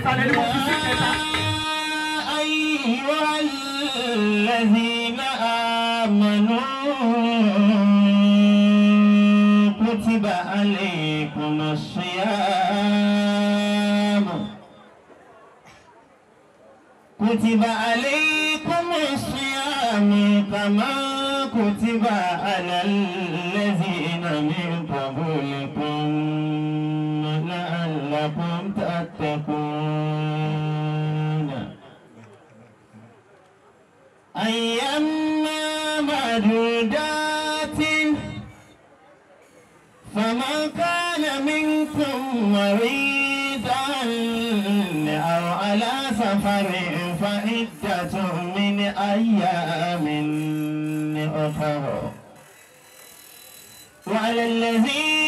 ìsàlẹ̀ أيها الذين آمنوا كتب عليكم الصيام كتب عليكم الصيام كما كتب على الذين من أيما معدودات فمن كان منكم مريضا أو على سفر فعدة من أيام أخر وعلى الذين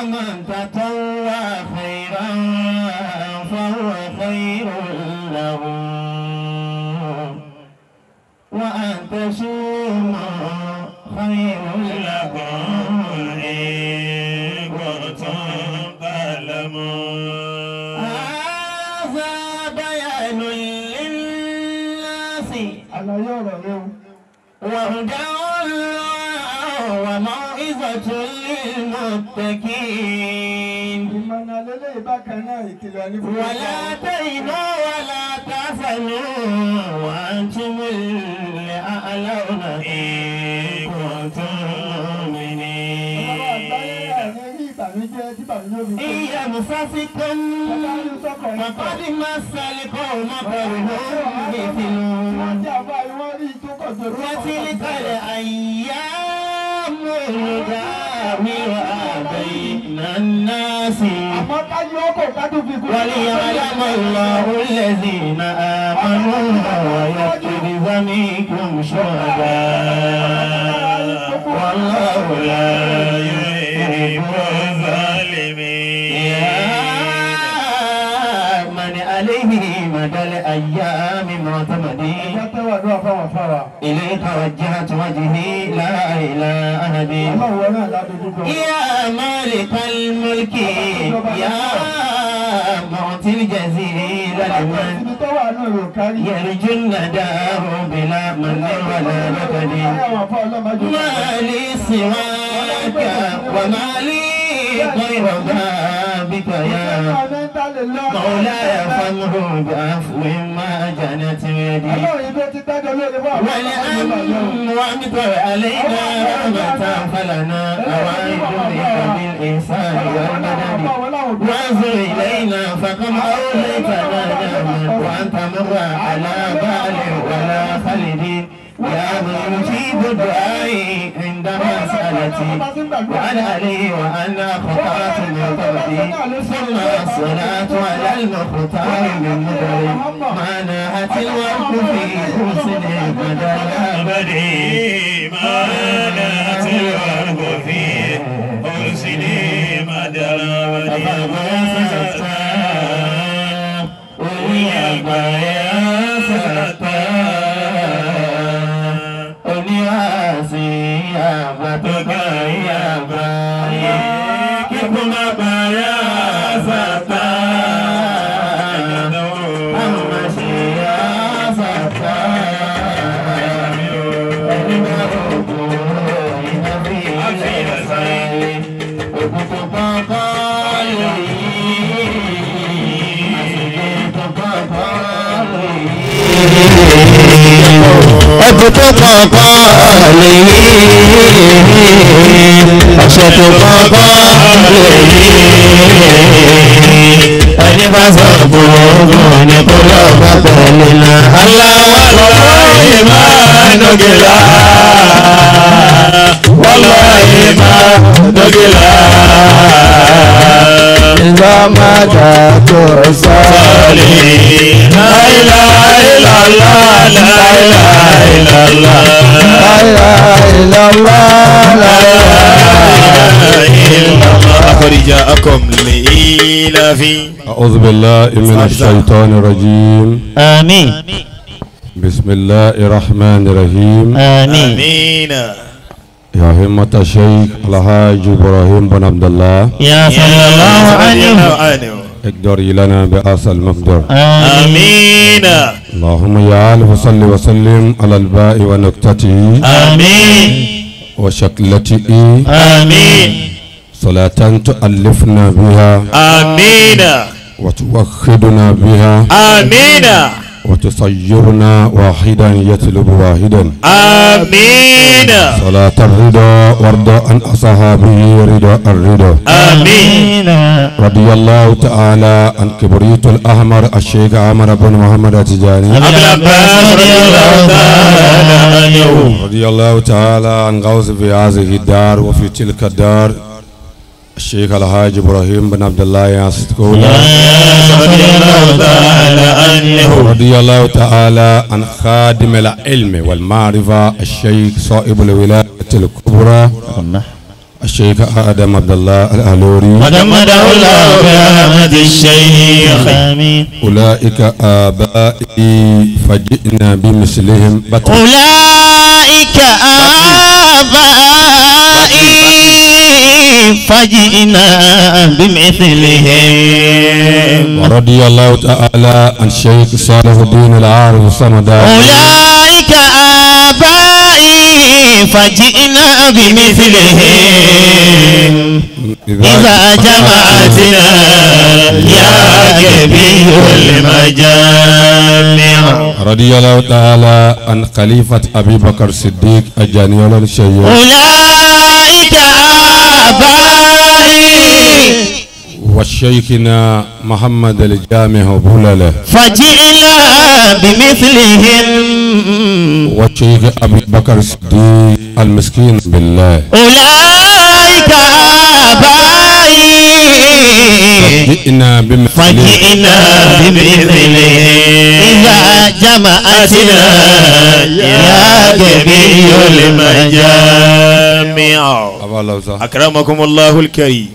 ومن تطوع خيرا فهو خير له وأن تصوم خير لكم للمتقين ولا تهنوا ولا تحزنوا وأنتم الأعلون إن كنتم Ìyá Musafikun, bàbá ni máa sálẹ̀kọ́ ọmọ bẹ̀rù lórí ìfìlú. Wọ́n ti kalẹ̀ àyíyá olùdarí àbẹ̀ ìnáná sí. àmọ́ kájú ọkọ̀ kájú fi kú. wọ́n yà lámọ̀ ìlọ orílẹ̀ sí iná àmọ́nú ọ̀yọ́ tìrì sami kún إليك وجهت وجهي لا إله أبي يا مالك الملك يا معطي الجزيل لمن يرجو النداه بلا من ولا نكد ما لي سواك وما لي غير بابك يا مولاي فامه بعفو ما جنت يدي ولأن وامطر علينا رحمة فلنا أوائد بالإحسان والمدد وانظر إلينا فكم أوليتنا وأنت مر على بال ولا خلد يا من يجيب دعائي عند مسألتي وعن علي وأنا خطأت لطبعي ثم الصلاة على المختار من مدري ما ناهت الورق في حسن بدل أبدي ما ناهت الورق في حسن بدل أبدي ọdún tó kàn bá lè yí ọ̀sẹ̀ tó kàn bá lè yí ẹni bá sọ gbòógùn ní pẹ̀lú náà. aláwa lọ́wọ́ ìmọ̀ dọ́gìlá wọ́lọ́ ìmọ̀ dọ́gìlá. مدى تعصالي لا إله إلا الله لا إله إلا الله لا إله إلا الله لا إله إلا الله لقد جاءكم لإيلاف أعوذ بالله من الشيطان الرجيم آمين بسم الله الرحمن الرحيم آمين, آمين. يا همة الشيخ الحاج إبراهيم بن عبد الله يا صلى الله عليه اقدري لنا بأس المقدر آمين اللهم يا آل وصل وسلم على الباء ونكتته آمين وشكلته آمين صلاة تؤلفنا بها آمين وتوخدنا بها آمين وتصيرنا واحدا يتلب واحدا آمين صلاة الرضا وارضى عن أصحابه رضا الرضا آمين رضي الله تعالى عن كبريت الأحمر الشيخ عمر بن محمد التجاني رضي الله تعالى عنه رضي الله تعالى عن غوث في هذه الدار وفي تلك الدار الشيخ الحاج ابراهيم بن عبد الله ياسكولا رضي الله تعالى عنه رضي الله تعالى عن خادم العلم والمعرفه الشيخ صاحب الولايه الكبرى الشيخ ادم عبد الله الالوري ودمده الله الشيخ اولئك ابائي فجئنا بمثلهم بطل. فجئنا بمثلهم ورضي الله تعالى عن شيخ صالح الدين العارف الصمد أولئك آبائي فجئنا بمثلهم إذا جمعتنا يا كبير المجامع رضي الله تعالى عن خليفة أبي بكر الصديق أجاني الشيخ وشيخنا محمد الجامع بولالة فجئنا بمثلهم وشيخ أبي بكر الصديق المسكين بالله أولئك آبائي فجئنا بمثلهم فجئنا بمثلهم إذا جمعتنا يا جميع المجامع أكرمكم الله الكريم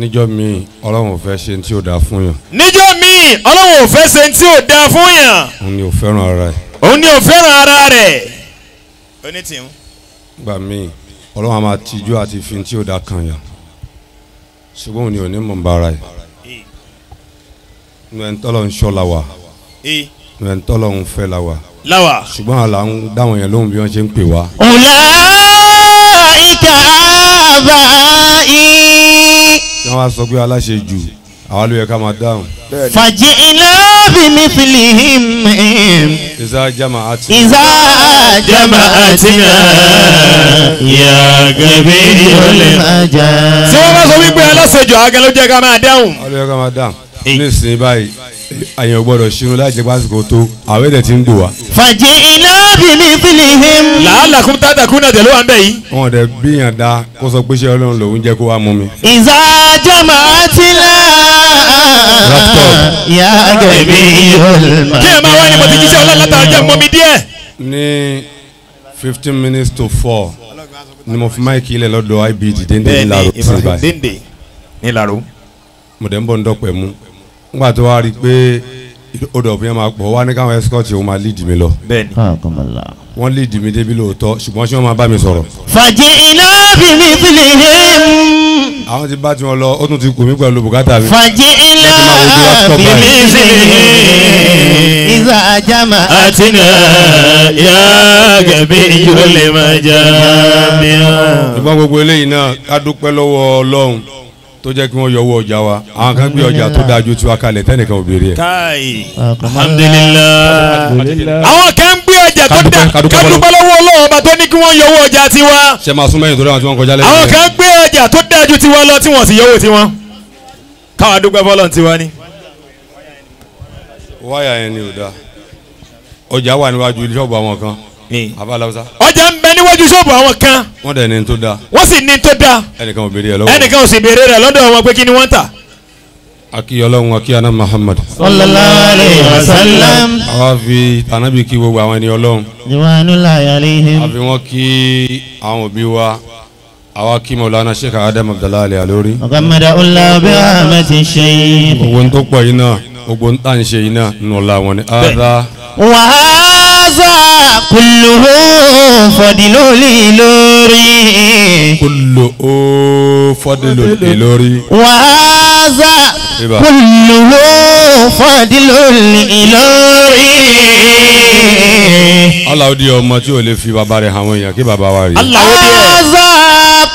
níjọ́ mi ọlọ́run ò fẹ́ ṣe tí ò dáa fún yàn. níjọ́ mi ọlọ́run ò fẹ́ ṣe tí ò dáa fún yàn. òun ni ò fẹ́ràn ara rẹ̀. òun ni ò fẹ́ràn ara rẹ̀. oní tí ń. gbà mí ọlọ́run a máa tijú àti fi tí ò dáa kan yàn ṣùgbọ́n òun ni ò ní mọ̀ bá ara yìí. nu ẹni tọ́lọ̀ ń ṣọ́ la wà. nu ẹni tọ́lọ̀ ń fẹ́ la wà. la wà. ṣùgbọ́n àlà ń dáwọn yẹn lóhùn bí wọ́n ṣe ń pè wá. ọ̀la ìkà àbá ì tí wọ́n wá sọ pé aláṣẹ jù àwa ló yẹ ká máa dáhùn. fàjì iná bímí fìlìhìm. ìzá jama àti. ìzá jama àti náà yà gẹ̀bí ìrọ̀lẹ́ máa jà. tí wọ́n bá sọ wípé aláṣẹjù àgẹ́ ló jẹ́ ká máa dáhùn. àwa ló yẹ ká máa dáhùn nísìnyí báyìí àyàn gbọ́dọ̀ ṣírun láì jẹ́ pásítọ̀ tó àwẹ̀ tẹ̀ ti ń gbò wá. fàjì iná bímí fìlìhìm. làálàá kún tàdàkùn náà tẹ̀lé wa ń bẹ̀ yìí. wọn ò dẹ̀ bíyàn dá kó sọ pé ṣé ọlọ́run lòún jẹ́ kó wá mú mi. ìzá jama'atina ya gẹ̀mí olùmọ̀. kí máa wáyé mo ti jíṣẹ́ ọlọ́run látara jẹ́ mọ́mí díẹ̀. ní fifteen minutes to four ni mo fi máìkì ilẹ̀ lọ́dọ̀ ibd dende nílaro sí ibà dende nílaro. mo dẹ̀ ń bọ̀ ń dọ̀pẹ̀ mú nígbà tó wá rí i pé odò ọ̀fìn máa pọ̀ wá ní káwọn escort òun máa lead mi lọ. bẹ́ẹ̀ni wọ́n lè dì mí débi lóòótọ́ ṣùgbọ́n ṣé wọ́n máa bá mi sọ̀rọ̀. fàjẹ́ iná bìbí fìlẹ̀ hẹ́m. àwọn ti bá tiwọn lọ ó tún ti kù mí pẹ̀lú bùkátà mi. fàjẹ́ iná bìbí fìlẹ̀ hẹ́m. ìzà àjàmà. àtinà yá gẹ̀bí yóò lè máa jà mí. ìbọn gbogbo eléyìí náà a dúpẹ́ lọ́wọ́ Ọlọ́run tó jẹ́ kí wọ́n yọ owó ọjà wa àwọn kan gbé ọjà tó dáa ju tiwa kalẹ̀ tẹ́nìkan ò béèrè ẹ̀. káyì alhamdulilayi àwọn kan gbé ọjà tó dáa kádùpẹ́ lọ́wọ́ ọlọ́wọ́ ọba tó ní kí wọ́n yọ owó ọjà tiwa. ṣe máa sún mẹ́yìn tó dáa tí wọ́n kọjá lẹ́yìn. àwọn kan gbé ọjà tó dáa ju tiwa lọ tí wọ́n sì yọwọ́ tiwọn. káwa dúpẹ́ fọlọ́ tiwa ni. wáyà yẹn ni ò dáa ọjà wà níwájú ilé ṣọ́ọ̀bù níwájú ṣọ́ọ̀bù àwọn kan. wọ́n dẹ̀ ní tó da. wọ́n sì ní tó da. ẹnìkan ò béèrè rẹ lọ́wọ́. ẹnìkan ò sì béèrè rẹ lọ́dọ̀ wọn pé kí ni wọ́n tà. akí ọlọ́run akí aná muhammad. sallallahu alayhi àwa fi ànábì kí gbogbo àwọn ẹni ọlọ́run. diwanullahi alayhim. àfi wọn kí àwọn òbí wa àwa kí mọ̀lánà sheikh adam abdullahi alori. ọ̀gá Allah bí haza kulluhu fọdìlú lórí. kulluhu fọdìlú lórí. wa haza kulluhu fọdìlú lórí. aláwọ̀ di ọmọ tí o lè fi bàbá rẹ̀ hàn wọ̀nyàn kí bàbá wa rí. aláwọ̀ di ẹ̀. haza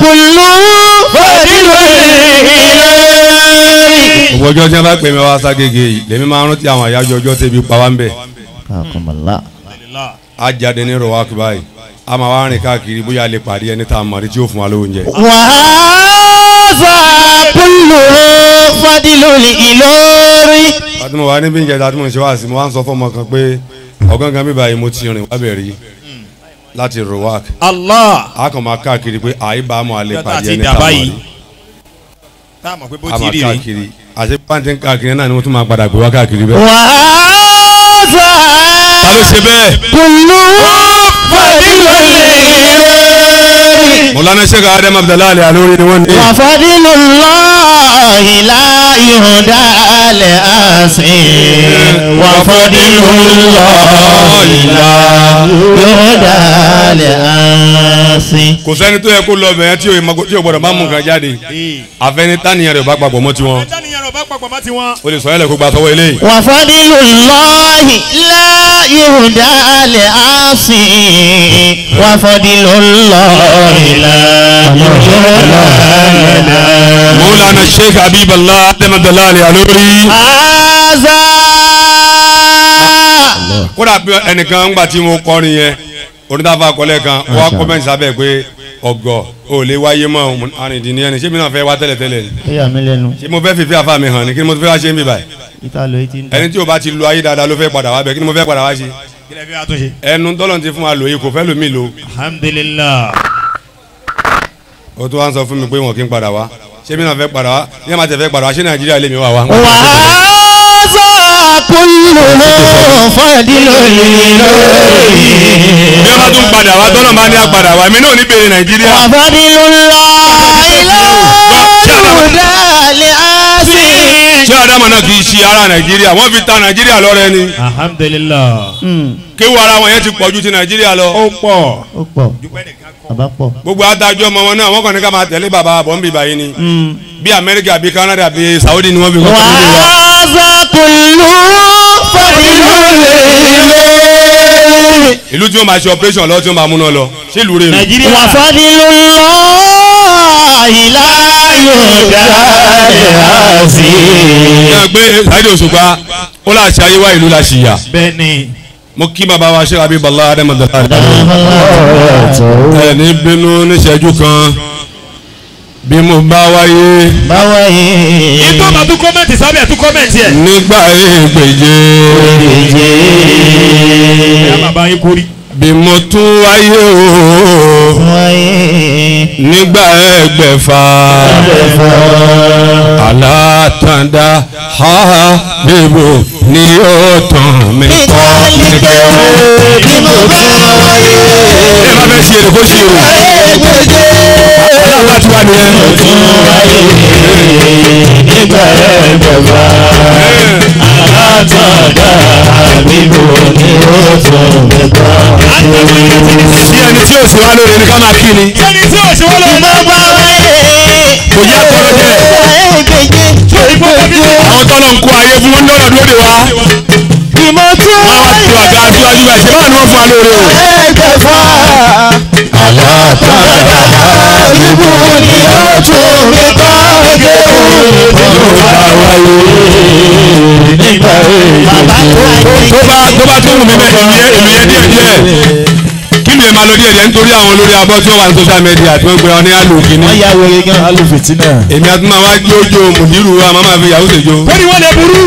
kulluhu fọdìlú lórí. òwòjọ́ tí wọ́n bá pè mí wá ságége yìí lèmi máa ń rántí àwọn àyájọ́ ọjọ́ tẹ́bi pa wá ń bẹ̀. kàkọ́mọ̀lá a jáde ní rọwà kúbá yìí a máa wá rìn káàkiri bóyá a lè pàdé ẹni tá a mọ̀ rí tí yóò fún wa lóúnjẹ. wà á fà kúlù fadìlú Ìlọrin. fatima wa níbi ìjẹta tí mo ń ṣe wá sí mo wá ń sọ fọmọ kan pé ọ̀gángan mi báyìí mo ti rìn wábẹ̀ rí láti rọwà. Allah. a kàn máa káàkiri pé àyíbámu a lè pàdé ẹni tá a mọ̀ rí táàmù pé bó ti rí rí. àti pàǹtí káàkiri náà ni wọ́n tún máa padà gbé wá káàkiri bẹ́ẹ̀. wà á ta ló ṣe bẹ́ẹ̀. kùnú fàdílùlẹ̀. mọ̀lánà ṣe ká adam abdullahi alẹ́ alórí ni wọ́n ní. wà fàdílùlọ́ọ̀hì láyùndà alẹ́ àṣẹ. wà fàdílùlọ́ọ̀hì láyùndà alẹ́ àṣẹ. kò sẹ́ni tó kó lọ bẹ̀yẹn tí o gbọ́dọ̀ máa mú nǹkan jáde àfẹnitániyàn rẹ̀ bá papọ̀ mọ́ tiwọn bá papọ̀ mọ́ tiwọn. o lè sọ yẹlẹ kó gba tọwọ́ ilé. wà á fọ́dí lọ́ọ̀hì láàyè òdàlẹ̀ àṣì wà á fọ́dí lọ́ọ̀hì láàyè òdàlẹ̀. mọ́lánà sheikh habiballah adamadalah alayalori. aza. kódà ẹnìkan ń gbà tí mo kọrin yẹn onítàfà kọ́lẹ̀ kan wọ́n á kọ́mẹ́ǹsì pé ọ̀gọ̀ ò lè wáyé mọ́ arìndínlẹ́ ẹni ṣé mi náà fẹ́ wá tẹ́lẹ̀ tẹ́lẹ̀ ni. ẹyà mi lẹ́nu. ṣé mo fẹ́ fìfẹ́ àfa mi hàn ni kí ni mo fẹ́ wá ṣe ń bì báyìí. ìta lóye ti ń dà. ẹni tí o bá ti lo ayé dáadáa ló fẹ́ padà wá bẹ̀ kí ni mo fẹ́ padà wá ṣe. ẹnu tọ́lọ̀ ti fún wa lòye kò fẹ́ lómi lo. alhamdulillah. o tún wá ń sọ fún mi pé wọn kì í padà wá ṣé mi náà fẹ́ padà wá ní kúlù náà fàdí lónìí lónìí. bí a bá tún padà wá tọ́nà bá ní àpadà wá èmi náà ní bèrè nàìjíríà. àfàdí ló ń lọ ilé ìdálẹ́ àṣì. ṣé adamu náà kì í ṣe ara nàìjíríà wọ́n fi ta nàìjíríà lọ́rẹ́ ni. alhamdulillah. kéwàá ara wọn yẹn ti pọ̀ ju ti nàìjíríà lọ. ó pọ̀ ó pọ̀. dúpẹ́ nìkan bàbá pọ̀. gbogbo adájọ́ ọmọ wọn náà wọ́n kàn ní ká máa tẹ̀lé bàbá àbọ̀ ń bì báyìí ni. Hmm. bí amẹ́ríkà bí Canada bí Saudi ni wọ́n fi wọ́n tó lè wàhálà kùlù fàìlú lè. ìlú tí wọ́n máa ṣe operation lọ tí wọ́n máa múná lọ ṣé ìlú rẹ̀ nù. nàìjíríà wà fàdí lọ́ọ́ ìlà yóò dá ẹ̀ mo kí bàbá wa ṣe rabi bala adamadala ẹni bínú níṣẹ́jú kan bí mo bá wáyé. bá wáyé. ìtọ́ bá tún kọ́mẹ̀ntì sábẹ́ tún kọ́mẹ̀ntì ẹ̀. nígbà ègbèje. ègbèje. ẹ bàbá yín kórìí bí mo tún wáyé o nígbà ẹgbẹ̀fà alátàndá ha bíbò ní yóò tàn mí kọ́ nígbà bí mo tún wáyé ẹ bá fẹ́ ṣe èrè kó ṣe o aláàbá tí wà ní ẹ. mo tún wáyé nígbà ẹgbẹ̀fà alátàndá ha bíbò yóò tàn mí bí ẹni tí òsì wá lóore ní ká máa kí ni. ẹni tí òsì wá lóore máa bá rẹ̀. kò yẹ kó àwọn tọ́lọ̀ ń kó ayé fún wọn lọ́nà lóde wa. ìmọ̀ tó. wọ́n á ti wà ga aṣíwájú báyìí ṣé báwọn ni wọ́n fún wa lóore o. ẹ̀ẹ́dẹ̀fà. Àlátàlátàlíbù ni ó tún mi bá dé òun bá wáyé nígbà èyí. Tó bá tó bá tún wù mí bẹ́ẹ̀ èmi yẹn èmi yẹn díẹ̀ díẹ̀ kí ni èèmà lórí ẹ̀yẹ nítorí àwọn olórí abọ́ tí ó wà ní social media tí wọ́n gbé wọn ní alùpùpù ní. wọ́n yà wọ ẹgbẹ́ alùpùpù náà. èmi àti màmá jójo mùdírù wa màmá fi yahoo ṣèjọ. wọ́n wọ́n lè burú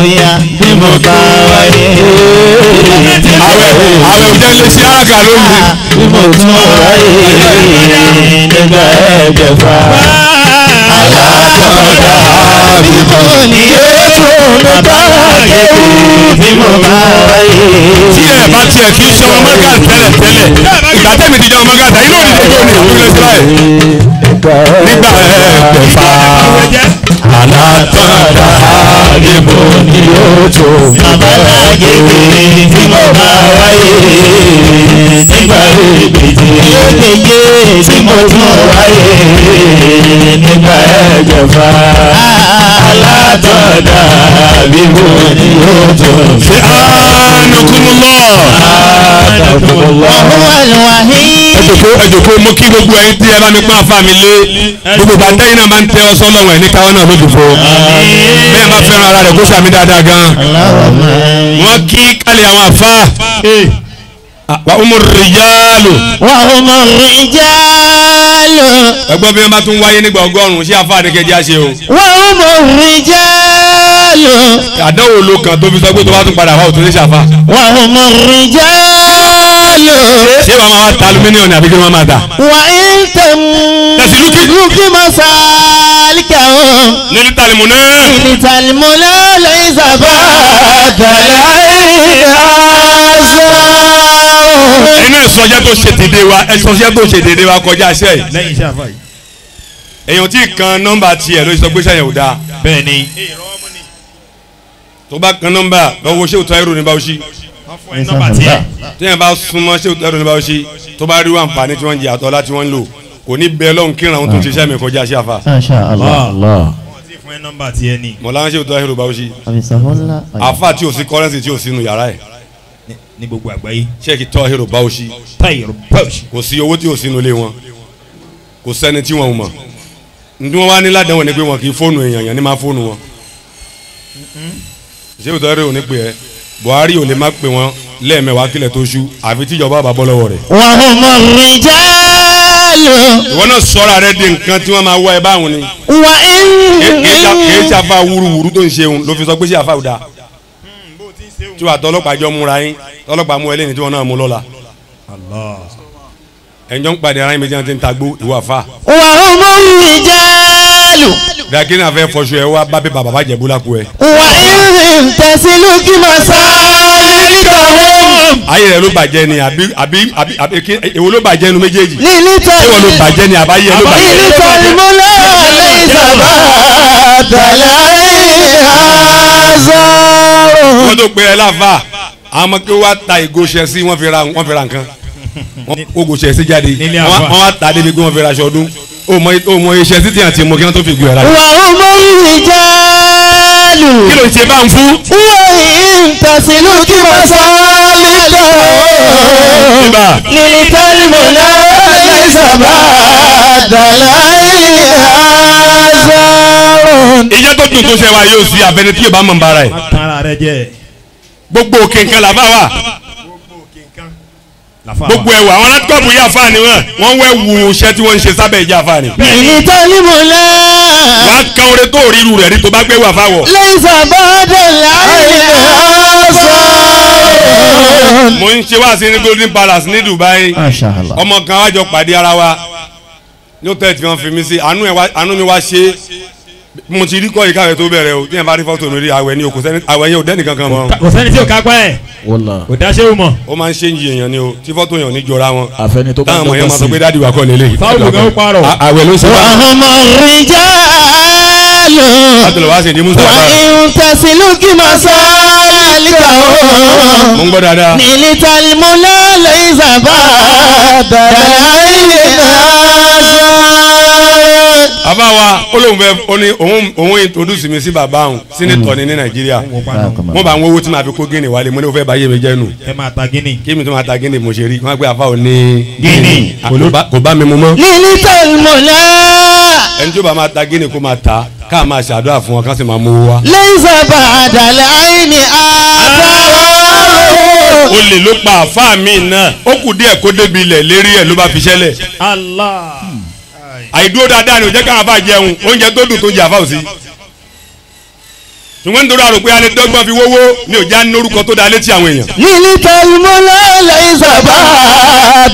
oya bí mo bá wà dé. àwẹ̀ àwẹ̀ òjá lè ṣe àgà lónìí. bí mo tún ọ̀rọ̀ yìí nígbà ẹ̀jẹ̀fà. alákọ̀ọ́dà bí mo ní ètò mi bá kéwù bí mo bá wà dé. tí bá tiẹ̀ kí í ṣe ọmọ mẹ́gà tẹ́lẹ̀ tẹ́lẹ̀ ìgbà ti jẹ́ ọmọ mẹ́gà tẹ́lẹ̀ inú òdìdí gbòòrò ìlú lè ṣe nígbà ẹ̀jẹ̀fà. Àlátọ́dà àgbègbò ni yóò tó. Bàbá lágbègbè tí mo bá wáyé. Nígbà ìbèjì yóò lè yé tí mo tún wáyé. Nígbà ẹ̀jẹ̀fà. Àlátọ́dà àgbègbò ni yóò tó. Fi àánúkúmúlọ̀. Àtàkùnmọ̀lá. Ọ̀hún àlùwàhí. Ẹ̀jọ̀kọ́ ẹ̀jọ̀kọ́ mo kí gbogbo ẹ̀yin tí ẹ bá mi pa àfa mi lé. Gbogbo bàtẹ́yìn náà máa ń tẹ́ ọ sọ́lọ́wọ̀n ẹ̀ ní káwọn náà lójú àlùfò bẹ́ẹ̀ bá fẹ́ràn ara rẹ̀ kó sàmì dáadáa gan wọ́n kí kálí àwọn àfa eh. wa umar rijalu. wa umar rijalu. ẹgbọ́n bí wọ́n bá tún wáyé nígbà ọgọ́rùn-ún sí àfa àdékẹ́já ṣe o. wa umar rijalu. àdánwò ló kàn tó sọ pé tó bá tún padà wá òtún ní ṣàfà. wa umar rijalu. ṣé wàá máa ta alumíníọ̀nù àbí kí wọ́n máa ta. wàá أنتم في مسالكهم لنت المنى ليس بعد inú ìsọjá tó ṣe dédé wa ìsọjá tó ṣe dédé wa kọjá iṣẹ́ yìí èèyàn tí kan nọ́mbà tiẹ̀ ló sọ pé sẹ́yìn ò dáa bẹ́ẹ̀ ni tó bá kan nọ́mbà lọ́wọ́ ṣé òtún ayélujára ní báwo ṣí ẹ sábà tí yẹn bá súnmọ́ ṣé òtún ẹ̀rọ bá ṣe tó bá rí wà nǹkan tí wọ́n jẹ àtọ́ láti wọ́n lò kò ní bẹ́ẹ̀ lọ́hùn kíran ohun tó ń ṣiṣẹ́ kọjá sí àfa. mọ̀lá ń ṣe òtún ẹ̀rọ bá ṣe àfa tí ò sí kọ́rẹ́ǹsì tí ò sínú yàrá ẹ̀ ní gbogbo àgbáyé. sẹ́ẹ̀kì tọ́hìrò báwòsí. tọ́hìrò báwòsí. kò sí owó tí ò sínú ilé wọn kò sẹ́ni tí wọn mọ̀ ndí wọn wá ní ládàáwọ̀ ni pé wọn kì í fóònù èèyàn ní máa fóònù wọn. ṣé òtọ́ rẹ̀ ní pè ẹ́ buhari ò lè má pè wọn lẹ́ẹ̀mẹ́wàá kílẹ̀ tó ṣú àfi tíjọba bá bọ́ lọ́wọ́ rẹ̀. wọ́n mọ rìjà lò. ìwọ náà sọ̀rọ̀ rẹ di nǹkan tí wọ́n máa wá ẹ báwọn ni. wà á ń. kì í ṣàfà wúruwúru tó ń ṣeun ló fi sọ pé ṣé àfà ò tí wàá tọlọ́pàá jọ múra yín tọlọ́pàá mú ẹlẹ́ni tí wọ́n náà mú lọ́la. ẹ̀jọ̀ ń padì ara yín méjì náà ti ń tagbó ìwà àfà. wà á mọ rìjà lò dàkínà fẹ́ fọṣọ ẹ wá bábí bàbá bàjẹ́ bó lakú ẹ. wà á tẹ̀sílù kí mo sá lẹ́kọ̀ọ́. ayé rẹ ló bàjẹ́ ni àbí àbí àbí àbí kí èwo ló bàjẹ́ nu méjèèjì. lílí tẹ èwo ló bàjẹ́ ni àbáyé ló bàjẹ́. lílí tẹ ìmúlẹ̀ ọ̀lẹ́ ìsàbà tẹ̀lé àìhàzọ́. wọ́n tó pe ẹ láfa àmọ́ kí wọ́n ta ìgò ṣẹ́ sí wọ́n fi ra nǹkan wọ́n kó gòṣẹ́ sí jáde wọ́n á ta débi kí wọ́n fi ra aṣọ ọdún o mọ o mọ iṣẹ́ títí àti mọ kí wọ́n tó fi gbé ara. wà ó mọ ìrì jálù. kí ló ń ṣe bá ń fún. wọ́n yìí ń tẹ̀sílù kí mo sọ lílọ. lílì tẹ́lifù náà lè sábà dàlá ìhàzọ́. ìjẹ́ tó dùn tó ṣe wa yóò sí abẹ́ni tí yóò bá mọ̀ n bára ẹ̀. gbogbo òkè nǹkan làbá wa gbogbo ẹwà àwọn alákọ̀ọ́bù yà fà ni wọn wọn wẹ wù iṣẹ́ tí wọ́n ń ṣe sábẹ́ ìjà fà ni. èyí tó ní mo lẹ́. wà á kan orin tó ríru rẹ̀ rí tó bá gbé wà fáwọ̀. lẹ́yìn sàbọ̀dẹ̀ láyé ọ̀sán. mo ń ṣe wáàsí ní golden palace ní Dubai ọmọ kan wájọ pàdé ara wa ní ó tẹ̀ tí wọ́n fi mí sí àánú mi wá ṣe é mo ti rí kọ́ yìí káwé tó bẹ̀rẹ̀ o tí yẹn bá rí fọ́tò mi rí ni o kò sẹ́ni àwẹ̀ yẹn ò dẹ́ni kankan mọ́. kò sẹ́ni tí o ká gbá ẹ̀ kò dáṣẹ́ o mọ̀. ó máa ń ṣe ń yèèyàn ni o tí fọ́tò yẹn ò jọra wọn. àfẹni tó bá ń sí i táwọn ọmọ yẹn máa sọ pé dáàdi wà kọ́ lélẹ̀. fáwọn ògùn kan pààrọ̀. ló ṣe wá. ọmọ ìjà lọ. àtẹlẹ wá sí ní musa. wà á ń tẹ̀sílù bàbá wa olóhùn fẹ́ oní òun òun introduce mi sí bàbá òun sínítọ̀ ni ní nàìjíríà mo bá ń wo owó tí màá fi kó gíní wálé mo ní o fẹ́ bá yé mi jẹ́ nù. ẹ máa ta gíní. kí mi tó máa ta gíní mo ṣe rí wọn gbé afa ò ní. gíní kò bá mi mu mọ́. lílí tẹ̀lé mọ̀lá. ẹni tí ó bá máa ta gíní kó máa ta ká máa ṣàdúrà fún wọn ká sì máa mú wa. lẹ́sẹ̀ bá àdàlẹ́ àìní àdáwọ̀. olè ló pa àfáà mi náà ó kù díẹ̀ kó débi ilẹ̀ lérí ẹ̀ ló bá fi ṣẹlẹ̀. Allah àìdúró dáadáa ni ò jẹ́ ká àfa jẹun oúnjẹ tó dùn tó jẹ àfa ò sí. ṣùgbọ́n nítorí àròpé alẹ́dọ́gbọ́n fi wówó ni ò já lórúkọ tó da létí àwọn èèyàn. yìí ta ìmọ̀lẹ́ lẹ́yìn sábà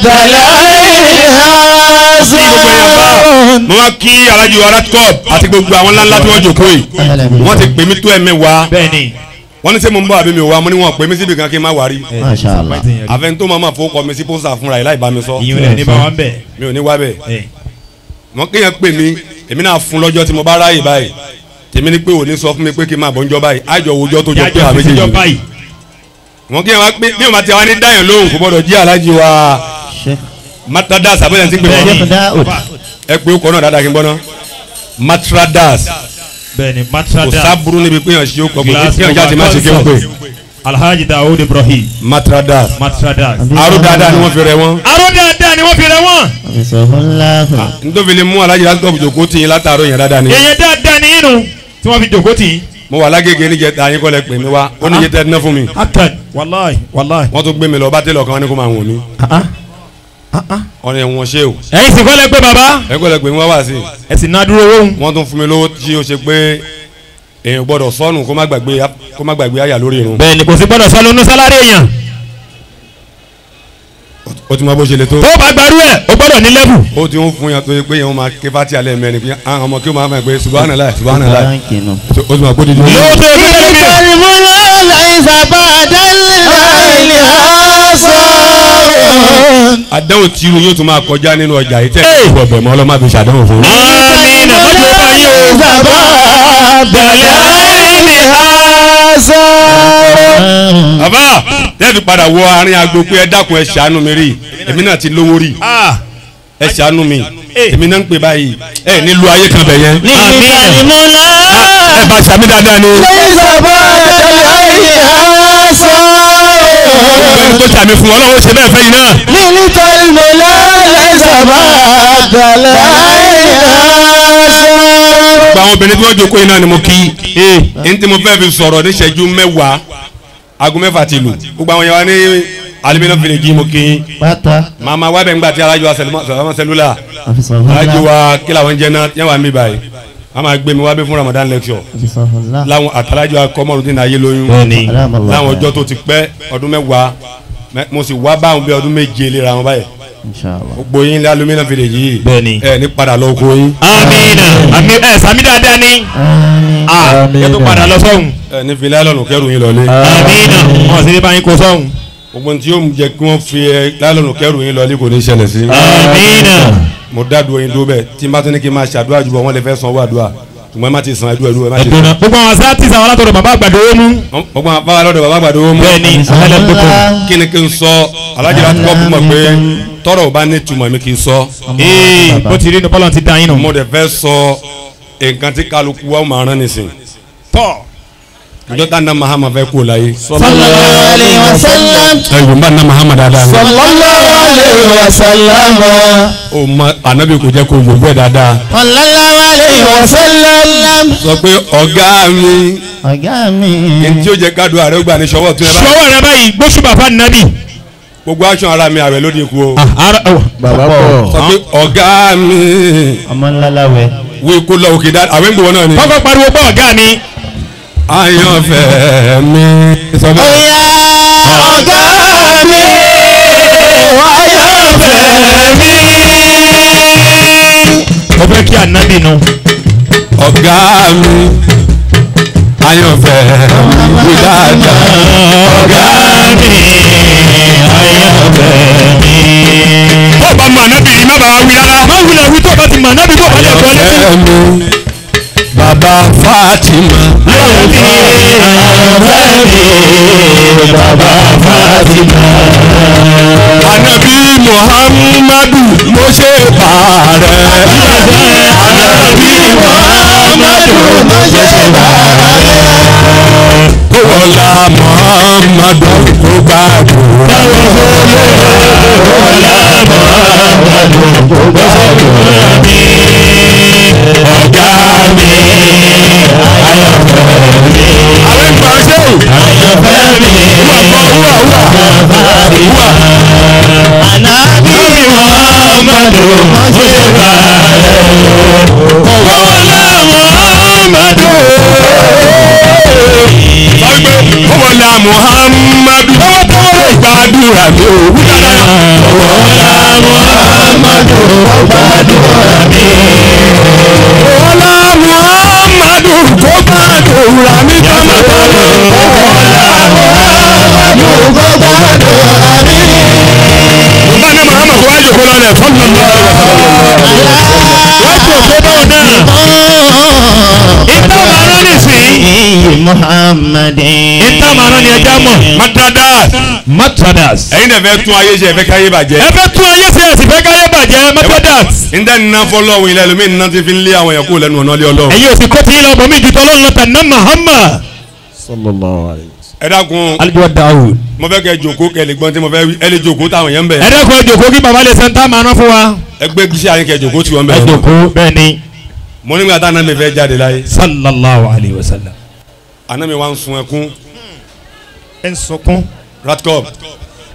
bẹ̀rẹ̀ mo máa kí alájú arákọ́ọ̀b àti gbogbo àwọn ńláńlá tí wọ́n jókòó yìí wọ́n ti pè mí tó ẹ̀mẹ́wàá wọ́n ní sẹ́ mo ń bọ̀ àbí mi ò wá mo ní wọn pè mí síbi kan kí n má wá rí. àfẹn ma fowó kọ mi sí pósà fúnra ẹ̀ láì bá mi sọ. mi ò ní wá bẹ̀ àmọ́ kéèyàn pè mí èmi náà fún lọ́jọ́ tí mo bá ráyè báyìí tèmi ni pé òní sọ fún mi pé kí n máa bọ̀ ńjọ́ báyìí àjọ òwòjọ́ tó jọ pé àwọn méjèèjì wọn kí wọn pé bí wọn bá ti wá ní dáyàn lóhùn kò gbọ́dọ̀ jí alájí wa matradas abẹ́rẹ́ ti gbé wọn ẹ pé ó kọ náà dáadáa kí n gbọ́ná matradas kò sábúrú níbi pé yàn ṣe ó kọ pé kí yàn jáde má ṣe kí n pè alhaji dawud ibrahim. matradas. matradas. arúdáadáa ni wọ́n fi rẹ̀ wọ́n. arúdáadáa ni wọ́n fi rẹ̀ wọ́n. n tó fi lè mú alhaji lásìkò jòkó tì yín látàárọ̀ yẹn dáadáa ni. èyàn dáadáa ni inú tí wọ́n fi jòkó tì yín. mo wà lágége níjẹ ta yín kọ́lẹ̀ pè mí wá ó níjẹ tẹ́ ná fún mi. akad wàláì wàláì. wọ́n tún gbé mi lọ bá tẹ́lọ̀ kan wọn ni kò máa wọ̀ mí ah, ah, ah, ọ̀rẹ́ wọn ṣe o. ẹ̀yin sì kọ́lẹ̀ pé baba. ẹ̀yin kọ́lẹ̀ pé wọ́n wá sí. ẹ sì ná dúró wọ́n. wọ́n tún fún mi lówó tí o ṣe pé èèyàn gbọ́dọ̀ sọnù kó má gbàgbé kó má gbàgbé àyà lórí irun. bẹ́ẹ̀ni kò sí gbọ́dọ̀ sọnù ní sálárì èèyàn. o ti mọ bó ṣe le tó. tó bá gbarú ẹ o gbọ́dọ̀ ní lẹ́bù. o ti ń fún yan tó yẹ pé yẹn o máa ké fati alẹ́ mẹ́rin fi hàn ọmọ kí o máa fẹ́ pé subahánilá subahánilá o ti mọ kó dídí. yóò tó ìwé lẹ́nu mi. ìgbàlè mú lọ́la ìsàbà àdánilẹ̀ àṣọ. àdéhùn tí yóò tún máa kọjá nínú ọjà yìí tẹ̀ bẹ̀lẹ́mì hásọ́. bàbá lẹ́ẹ̀dì padà wọ àárín agbo pé ẹ dákun ẹ ṣàánú mi rí èmi náà ti lówó rí ah. ẹ ṣàánú mi eh. èmi náà ń pè báyìí ẹ nílùú ayé kan bẹ̀ yẹn. ní ah, ìgbàlímọ̀ náà. Ah, ẹ bá ṣàmì dáadáa ni. ní ìsọ̀bọ̀ bẹ̀lẹ́mì hásọ́. gbogbo ẹni tó ṣàmì fún ọlọ́wọ́ ṣe bẹ́ẹ̀ fẹ́ yìí náà. ní nítorí mo lọ́ọ́ lẹ́sọ̀ bá gbogbo àwọn obìnrin tí wọ́n jókòó iná ni mo kí ẹ eh. ní tí mo fẹ́ fi sọ̀rọ̀ ní ìṣẹ́jú mẹ́wàá aago mẹ́fà ti lù gbogbo àwọn yẹn wá ní alimina village mo kí pátá màmá wa bẹ̀ ń gbà tí alájọ sàlámà sẹlúlà alájọ wa kílà wọn jẹná yẹn wà mí báyìí a máa gbé mi wá bí fún Ramadan lecture láwọn àtàlájọ akọmọdún tí nàáyé lóyún láwọn ọjọ́ tó ti pẹ́ ọdún mẹ́wàá mo sì wá báwọn bí ọdún méje lera wọn báyìí gbogbo yín lé alumina fi lè yí bẹ́ẹ̀ni ẹ ní padà lọ oko yín. amina ami ẹ sami dada ni ah, ẹ tó padà lọ sọ́hùn. ẹ ní filẹ́ lọ́nà kẹrù yín lọlé. amina wọn sì ní báyìí kó sọ́hùn. gbogbo tí yóò jẹ kí wọ́n fi ẹ lálọ́nà kẹrù yín lọlé kò ní ṣẹlẹ̀ sí. amina. mo dá dúró yín tó bẹ́ẹ̀ tí n bá tún ní kí n máa ṣàdúrà jùlọ wọn lè fẹ́ sanwó àdúrà tùmọ̀ ẹ má ti san ẹdú ẹdú ẹ má ti san. gbogbo àwọn sátìsì àwọn alátọ̀dọ̀ bàbá àgbàdo mú. gbogbo àwọn alátọ̀dọ̀ bàbá àgbàdo mú. bẹ́ẹ̀ni alẹ́ lọ́dọ̀ kí ni kí n sọ alájọ àti kọ́ọ̀bù mọ̀ pé tọrọ ò bá ní túmọ̀ mi kì í sọ. ee bó ti rí ni bọ́lá ti da yín nù. mo de fẹ́ sọ nǹkan tí kálukú wa máa rán nísìn. tọ́ ìjọba nà mahama fẹ́ kó láyé. sallallahu alayhi wa sallam. ayiwa n bá nà mahama dáadáa. sallallahu alayhi wa sallam. o ma anabi kò jẹ́ kó o gbẹ dáadáa. sallallahu alayhi wa sallam. sọ pé ọ̀gá mi. ọ̀gá mi. kí n tí ó jẹ ká do àrẹ gbà ní tún ẹ báyìí. sọwọ́ rẹ báyìí gbósùn nàbì gbogbo aṣọ ara mi àwẹ̀ lóde ku o. Ah, oh, bàbá bọ̀ sọ pé ọ̀gá mi. ọmọ ńlá làwẹ̀. wí kó lọ òkè dá àwẹ̀ ń náà ni. kọ́kọ́ pariwo bọ́ ọ̀gá mi. àyànfẹ́ mi. ọ̀yà ọ̀gá mi àyànfẹ́ mi. mo fẹ́ kí ànábì nu. ọ̀gá mi àyànfẹ́ mi ọ̀gá mi. Baba Fatima, ó bá mọ ànábì yìí má bàa Muhammadu ló ṣe bàrẹ̀. Àbí àbẹ́ mi. ọlá mọ́ọ́mọ́dọ̀ tó gbàdúrà. ọlá mọ́ọ́mọ́dọ̀ tó gbàdúrà mi ọ̀gá mi ayọ̀fẹ́ mi. àwọn ìgbà ṣe ayọ̀fẹ́ mi bàbá mi wà. ànábì mọ́ọ́mọ́dọ̀ tó gbàdúrà. ọlá mọ́ọ́mọ́dọ̀ sọ muhammadu gbàdúrà mi ò wí dáadáa. ọmọlá muhammadu gbàdúrà mi. ọmọlá muhammadu kò gbàdúrà mi tọmọtọmọ. ọmọlá muhammadu kò gbàdúrà mi. ọ̀gbọ́n muhammadu wà lè kó lọ́rẹ̀ fọ́nà lọ́rẹ̀ wọ́n ti òkè báwọn náà. ìtàn nísìnyí. iye muhammadu. ìtàn màánù ni ẹja mọ̀. matradas. matradas. ẹ̀yin náà fẹ́ tún ayé ṣe ẹ fẹ́ káyé bàjẹ́. ẹ fẹ́ tún ayé ṣe ẹ sì fẹ́ káyé bàjẹ́ matradas. n tẹ́ nínú fọlọ́hún ilẹ̀ lómi nínú ti fi ń lé àwọn èèyàn kúrò lẹ́nu ọ̀nà ilé ọlọ́run. ẹ̀yin òsì kó ti ń lọ bọ̀ mí ju tọ́lọ́run lọ́ta ná Muhammad. sallallahu alayhi ẹ dákun alibuwa dawud mo fẹ́ kẹ́ joko kẹ́ lè gbọ́n tí mo fẹ́ ẹ lè joko táwọn yẹn ń ẹ dákun joko kí baba lè sẹ́ńtà máa ná fún wa. ẹ gbé gbèsè àyìnkẹ́ joko tí wọ́n bẹ̀. ẹ joko bẹ́ẹ̀ ni mo ní gbàtà anami fẹ́ jáde láyé. sallallahu alayhi wa sallam. anami wa ń sun ẹkún. ẹ ń sunkún. ratcop.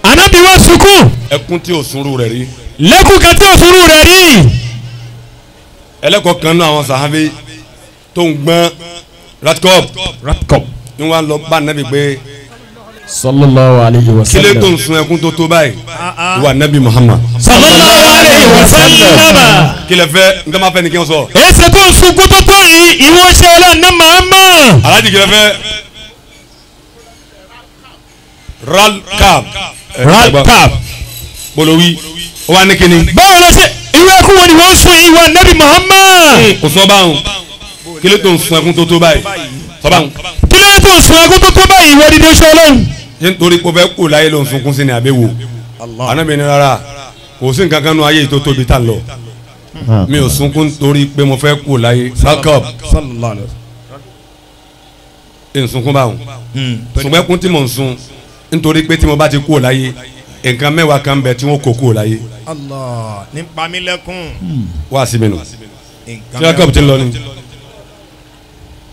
anami wa sunkún. ẹkún tí o sunru rẹ̀ rí. lẹ́kùn kan tí o sunru rẹ̀ rí. ẹlẹ́kọ̀ọ́ kan náà àwọn sàhábì tó ń gbọ́n ratcop. ratcop. ni wọ́n lọ bá anabi pé sallallahu alayhi wa sallam. kílẹ̀ tó ń sun ẹkún tó tó báyìí ah, ah. wà nabi muhammad. sallallahu alayhi wa sallam. kílẹ̀ fẹ́ n kẹ́ máa ni kí n sọ. èsì tó ń sun kó tó tó yìí ìwọ ṣe aláàánú muhammad. aláàjì kílẹ̀ fẹ́. ral cap. ral cap. bolowi o wa ní kíni. báwo ló ṣe irú ẹkún wo ni wọ́n sun yìí wà nabi muhammad. kò sọ báwọn kílẹ̀ tó ń sun ẹkún tó tó báyìí sọ báwọn. kílẹ̀ tó sunkún tó tó báyìí wọ́n dídé sọ lọ́hùn. ṣé nítorí pé o fẹ́ kú láyé ló ń sunkún sí ni àbí wò ànábì ní rárá kò sí nǹkan kan nu ayé tó tóbi tá lọ ah. mi ò sunkún torí pé mo fẹ́ kú láyé sakab nsunkun báwọn ṣùgbọ́n hmm. tí mò ń sun nítorí pé tí mo bá ti kú láyé nǹkan mẹ́wàá kan bẹ tí wọ́n kò kú láyé. Allah ní pamílẹ́kùn. wá síbi nù sakab ti lọ ni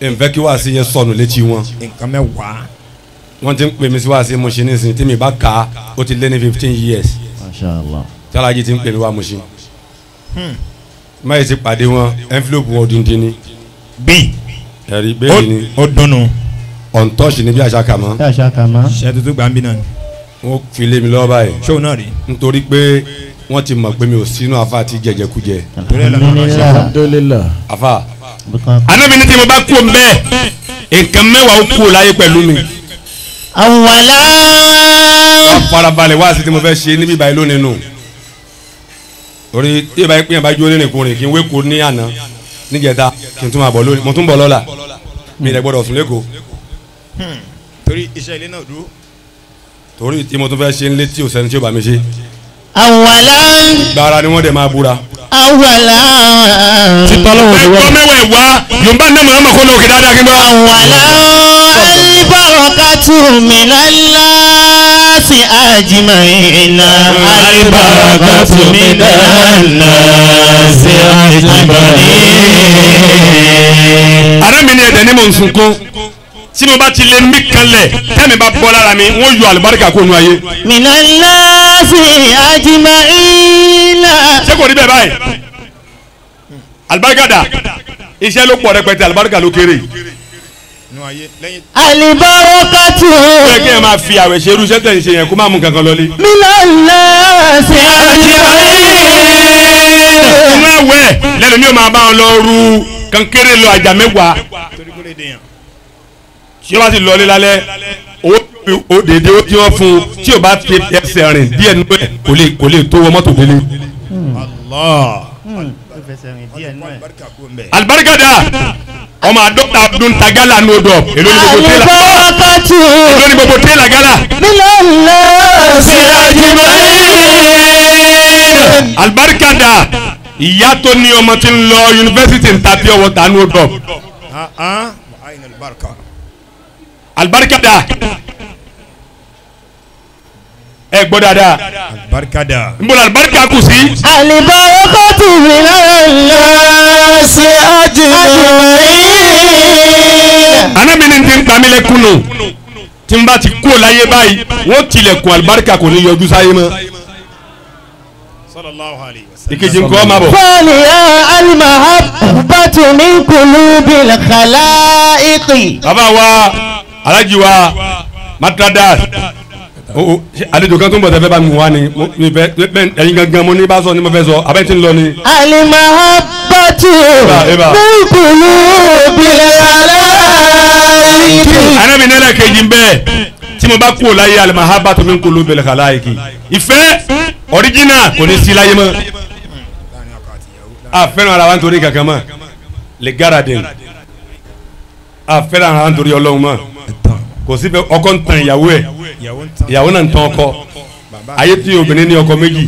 nfẹ́ kí wàásì yẹn sọnù létí wọn. nǹkan mẹ́wàá. wọ́n ti ń pè mí sí wàásì Mushin nísìnyí tí mi bá kà á ó ti lé ní fifteen years. Masha Allah. tí alájí ti ń pè mí wá Mushin. Hmm. máyì ti pàdé wọn envelope wọn ọdún dín ní. bí ẹ̀rí bẹ́ẹ̀ ni ó dùnnú. ọ̀ntọ́sì ni bí àṣà kà mọ́. bí àṣà kà mọ́. ṣètò tó gbà ń bí náà. wọ́n fi lé mi lọ́wọ́ báyìí. ṣóun náà rí. nítorí pé wọ́n ti mọ̀ pé mi ò sínú afa àti jẹjẹkújẹ. alhamdulilayi alhamdulilayi. afa anábì tí mo bá kú o mbẹ́ nǹkan ó kú láyé pẹ̀lú mi. àwàlá. farabalẹ̀ wá sí tí mo fẹ́ ṣe níbi ìbàyẹ̀ lónìí nù orí tí ìbáyé pín àbájú onírìnkùnrin kí n wé ko ní àná níjẹta kí n tún máa bọ̀ lónìí mo tún bọ̀ lọ́la mi rẹ̀ gbọ́dọ̀ sùn lẹ́kọ̀ọ́. torí iṣẹ́ ilé náà dúró. torí tí mo tún fẹ́ ṣe ń létí òsẹ́ni tí bá mi ṣe. àwàlá. gbàrà ni wọ́n dẹ̀ máa búra awala. titọ́lọ́ wo ni wọ́n. ẹ̀kọ́ mẹ́wàá wá yorùbá ní màá ma kó lókè dáadáa kí n bá. awala katu minala si ajimaina. alibarakatu minala si ajimaina. arábìnrin ẹ̀dẹ̀ ni mò ń sunkún tí mo bá ti lè mí kanlẹ̀ tẹ́mi bá bọ́ lára mi wọ́n yọ àlùbáríkà kó nu ayé. minan nasi ajma'ina. ṣé kò rí bẹ́ẹ̀ báyìí àlùbáríkà dà iṣẹ́ ló pọ̀ rẹpẹtẹ àlùbáríkà ló kéré alibaraka tu. ó kí ẹ máa fi àwẹ̀ ṣe irú iṣẹ́ tẹ̀ ṣe yẹn kó máa mú kankan lọlé. mílàlá ṣe àjẹmọ́. inú àwẹ̀ lẹ́nu ni ó máa bá wọn lọ ru kankéré lọ àjà mẹ́wàá tí ó bá ti lọlé lálẹ́ owó o dédé tí wọ́n fún un tí o bá fi ẹsẹ̀ rìn díẹ̀ nínú ẹ̀ kò lè kò lè tó wọ mọ́tò délé. alibarika hmm. da ọmọ adọ́ta abdul tagala no dọ èló ni gbogbo tẹ́lá èló ni gbogbo tẹ́lá gala. alibarika da ìyá tó ní ọmọ tí ń lọ yunifásitì ń ta bí ọwọ́ ta no dọ. Ah, ah alibarika da ẹ gbọ́ dáadáa. alibarika da. n bolo alibarika kù sí. alibarika tu mi lọ́la sí àjùmọ̀yé. anabi ni ti ń pa mí lẹ́kùnù tí n bá ti kú láyé báyìí wọ́n tilẹ̀kùn alibarika kò ní yọjú sáyé mọ́. sallallahu alayhi ìkejì ń kọ́ máa bọ̀. fọ́ọ̀lì alimahabatu min kulubil khalaiqi. bàbá wa alájí wa matradas o àlejò kan tó ń bọ̀ tẹ́fẹ́ bá mi wá ni mi fẹ́ ẹ̀yin gangan mo ní bá sọ ni mo fẹ́ sọ abẹ́ ti ń lọ ni. alimahapatu nukulu bilala iki. anabi nílẹ̀ kejì ń bẹ́ẹ̀ tí mo bá kú ò láyé alimahapatu nukulu bilala iki ìfẹ́ ọ̀ríjìnà kò ní sí láyé mọ́ a fẹ́ràn ara wa nítorí kankan mọ́ lè gáradìn a fẹ́ràn ara nítorí ọlọ́run mọ́ kò sí pé ọkọ ń ìyàwó ẹ̀ ìyàwó náà ń tan ọkọ ayé tí obìnrin ní ọkọ méjì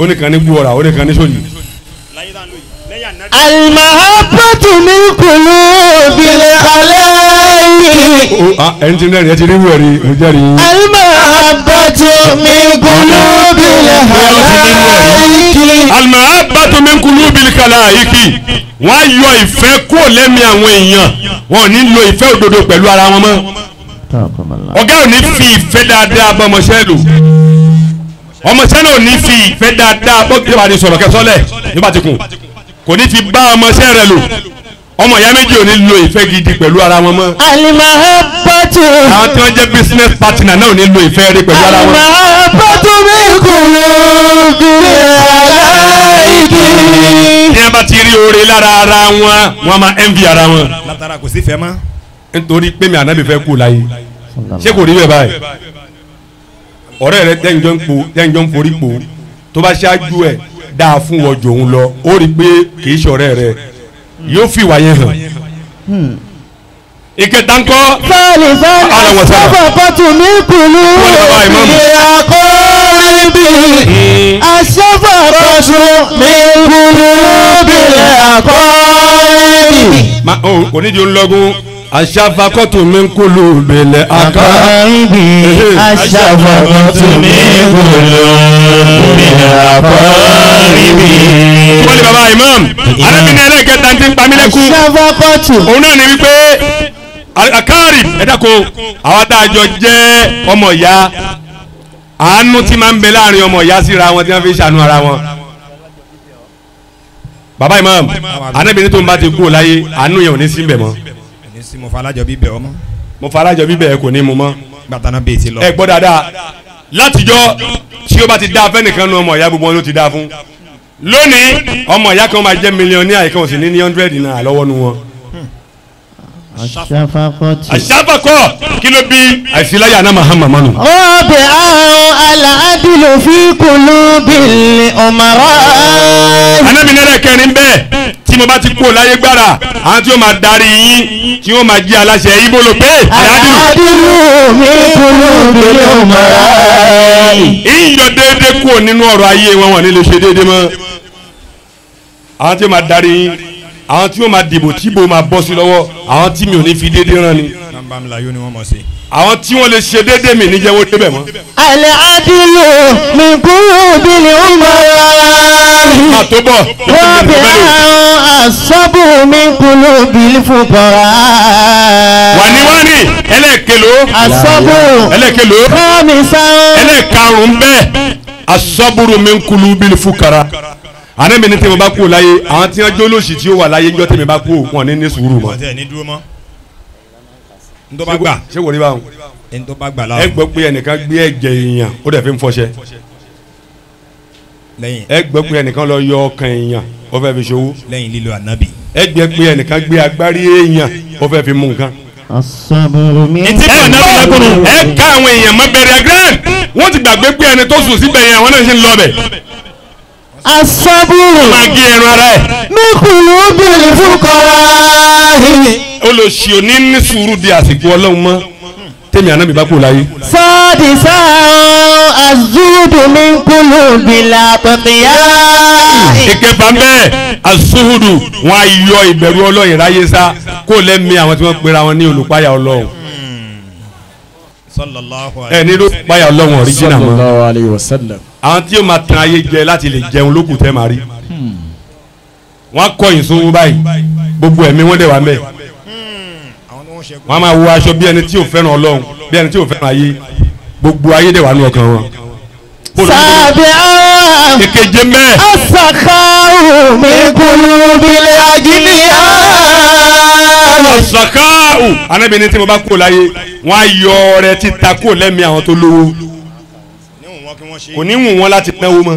ó ní ní gbúwọ̀rà ó ní kan ní sóyè. alimahabatu min kulu bil khala ẹni tí ń ti rí wẹ̀ rí jẹ́rìí. àlùmọ̀ àbàtò mi kùlù bìlẹ̀ kàláìkì. àlùmọ̀ àbàtò mi kùlù bìlẹ̀ kàláìkì. wọ́n á yọ ìfẹ́ kúrò lẹ́mìí àwọn èèyàn wọn ò ní lo ìfẹ́ òdodo pẹ̀lú ara wọn mọ́. ọ̀gá ò ní fi ìfẹ́ dáadáa bọ́ ọmọọṣẹ́ lò ọmọọṣẹ́ náà ò ní fi ìfẹ́ dáadáa bọ́ ìbáraẹnisọ̀rọ̀ kẹsọ́lẹ̀ nígbà tí kù kò ní fi bá ọmọọṣẹ́ rẹ lò ọmọ ìyá méjì ò ní lo ìfẹ́ gidi pẹ̀lú ara wọn mọ́. alimahapatu. àwọn tí wọ́n jẹ́ business partner náà ò ní lo ìfẹ́ rí pẹ̀lú ara wọn. alimahapatu mi kúrò bí aláìdí. ní a ti rí oore lára ara wọn wọn máa envy ara wọn. látara kò sí fẹ́ mọ́. nítorí pé mi ànábì fẹ́ kú láyé ṣé kò rí bẹ́ẹ̀ báyìí ọ̀rẹ́ rẹ tẹ́yìnjọ́ ń forí po tó bá ṣáájú ẹ̀ dáa fún wọ́jọ̀ òun lọ ó rí pé kì í ṣọ̀rẹ́ yóò fi ìwà yẹn hàn hmm. ìkẹta ńkọ́. sọ́ọ̀lì sọ́ọ̀lì sọ́fọ̀kọ́tù mi kùlù ìyàkọ́ bí asọ́fọ̀kọ́tù mi kùlù ìyàkọ́ bí. onídìí ológun aṣàfàkọ́tù mi ń bele lu bẹ̀lẹ̀ aká. àkàǹbì aṣàfàkọ́tù mi ń kú lu wọ́n baba imam arábìnrin ẹlẹ́gẹ̀ta ti ń pamílẹ̀ kú. aṣàfàkọ́tù. òun náà ni wípé àkàrì ẹ̀dá ko àwọn adájọ́ jẹ́ ọmọ ìyá àánú tí máa ń bẹ láàrin ọmọ ìyá síra wọn tí wọ́n fi ṣàánú ara wọn baba imam anabi ni tó ń bá ti kú o láyé àánú yẹn ò ní sí bẹ̀ mọ́ èsì mo falajọ bíbẹ ọmọ. mo falajọ bíbẹ kò ní mu mọ. gbàtànà bèè ti lọ. ẹ gbọ́ dáadáa látijọ́ tí o bá ti dá afẹ́nìkan nu ọmọ ìyá gbogbo wọn ti dá fún lónìí ọmọ ìyá kan máa jẹ́ mílíọ̀nì àyíká òsì ní ní hundred náírà lọ́wọ́ nu wọn. àṣàfàkọ́ kí ló bí àìsíláyà náà Muhammad manu. ó bẹ àwọn aláàdúlò fi kùlù bìlì ọmọ rẹ. anábìnrin kẹrin bẹ́ẹ̀ mo bá ti kú láyé gbára àwọn tí ó máa darí yín tí ó máa jí aláṣẹ yín bolo pé àdúró mi kúrò délé ọmọ rẹ. ìyọ déédéé kúrò nínú ọ̀rọ̀ ayé wọn wọn ní lè ṣe déédéé mọ́ àwọn tí ó máa darí yín àwọn tí wọ́n máa dìbò tí ìbò máa bọ́ sí lọ́wọ́ àwọn tí mi ò ní fi déédéé rán ni. àwọn tí wọ́n lè ṣe déédéé mi níjẹ́ wọ́n débẹ̀ mọ́. àlẹ́ àdìlù mi kúrò bí ni ó mọ̀ wá. àtọ́bọ̀ wọ́n bí àwọn àṣọ́bù mi kúrò bí fún kọ́ra. wà ní wọ́n ní ẹlẹ́kẹ̀ló. àṣọ́bù ẹlẹ́kẹ̀ló. kọ́mi bẹ́ẹ̀ àṣọ́bù mi kúrò bí fún kọ́ra àná mi ní tèmi bá kú láyé àwọn tí wọ́n jólóòsì tí ó wà láyé ńjọ́ tèmi bá kú wọn ní ní sùúrù mọ́. ṣé wò ní báwọn ẹ gbọ́ pé ẹnìkan gbé ẹ̀jẹ̀ èèyàn ó dẹ̀ fi ń fọṣẹ ẹ gbọ́ pé ẹnìkan lọ yọ ọkàn èèyàn ó fẹ́ fi ṣòwò ẹ gbọ́ pé ẹnìkan gbé agbárí èèyàn ó fẹ́ fi mú nǹkan ìtí kan náà ẹ ká àwọn èèyàn mọ́ bẹ̀rẹ̀ grand wọ́n ti gbàgbé pé ẹni tó sùn síbẹ̀ yẹn àwọn náà ṣe ń lọ bẹ̀ asabiri. magi gé ẹran ara ẹ. mi kùlù bìrì fún kọ́ra. olùsí òní ní sùúrù di àsìkò ọlọ́run mọ́ tèmi àná mi bá kú láyé. sọ́ọ̀dì sáà azúdù mi kúlù bìlà tọ̀tìyà. ìkẹfà ń bẹ́ẹ̀ azúdù wọn á yọ ìbẹ̀rù ọlọ́run ráyé sá kó lẹ́mí àwọn tí wọ́n pera wọn ní olùpáyà ọlọ́run ẹ nílò páyà ọlọ́run ọ̀ríjìnà mọ́ àwọn tí yóò máa tan ayé jẹ láti lè jẹun lókù tẹ́ máa rí wọ́n kọ̀yìn sówó báyìí gbogbo ẹ̀mí wọ́n dẹ̀ wá mẹ́ wọ́n máa wọ aṣọ bí ẹni tí ò fẹ́ràn ọlọ́run bí ẹni tí ò fẹ́ràn ayé gbogbo ayé dẹ̀ wá nù ọkàn wọn. sàbí àwọn kékeje asaka omi kulubile ajiniya. asaka o anabi ni tí mo bá kó láyé wọn á yọ ọrẹ títa kó lẹ́mìí àwọn tó lówó kò ní wù wọ́n láti náwó mọ́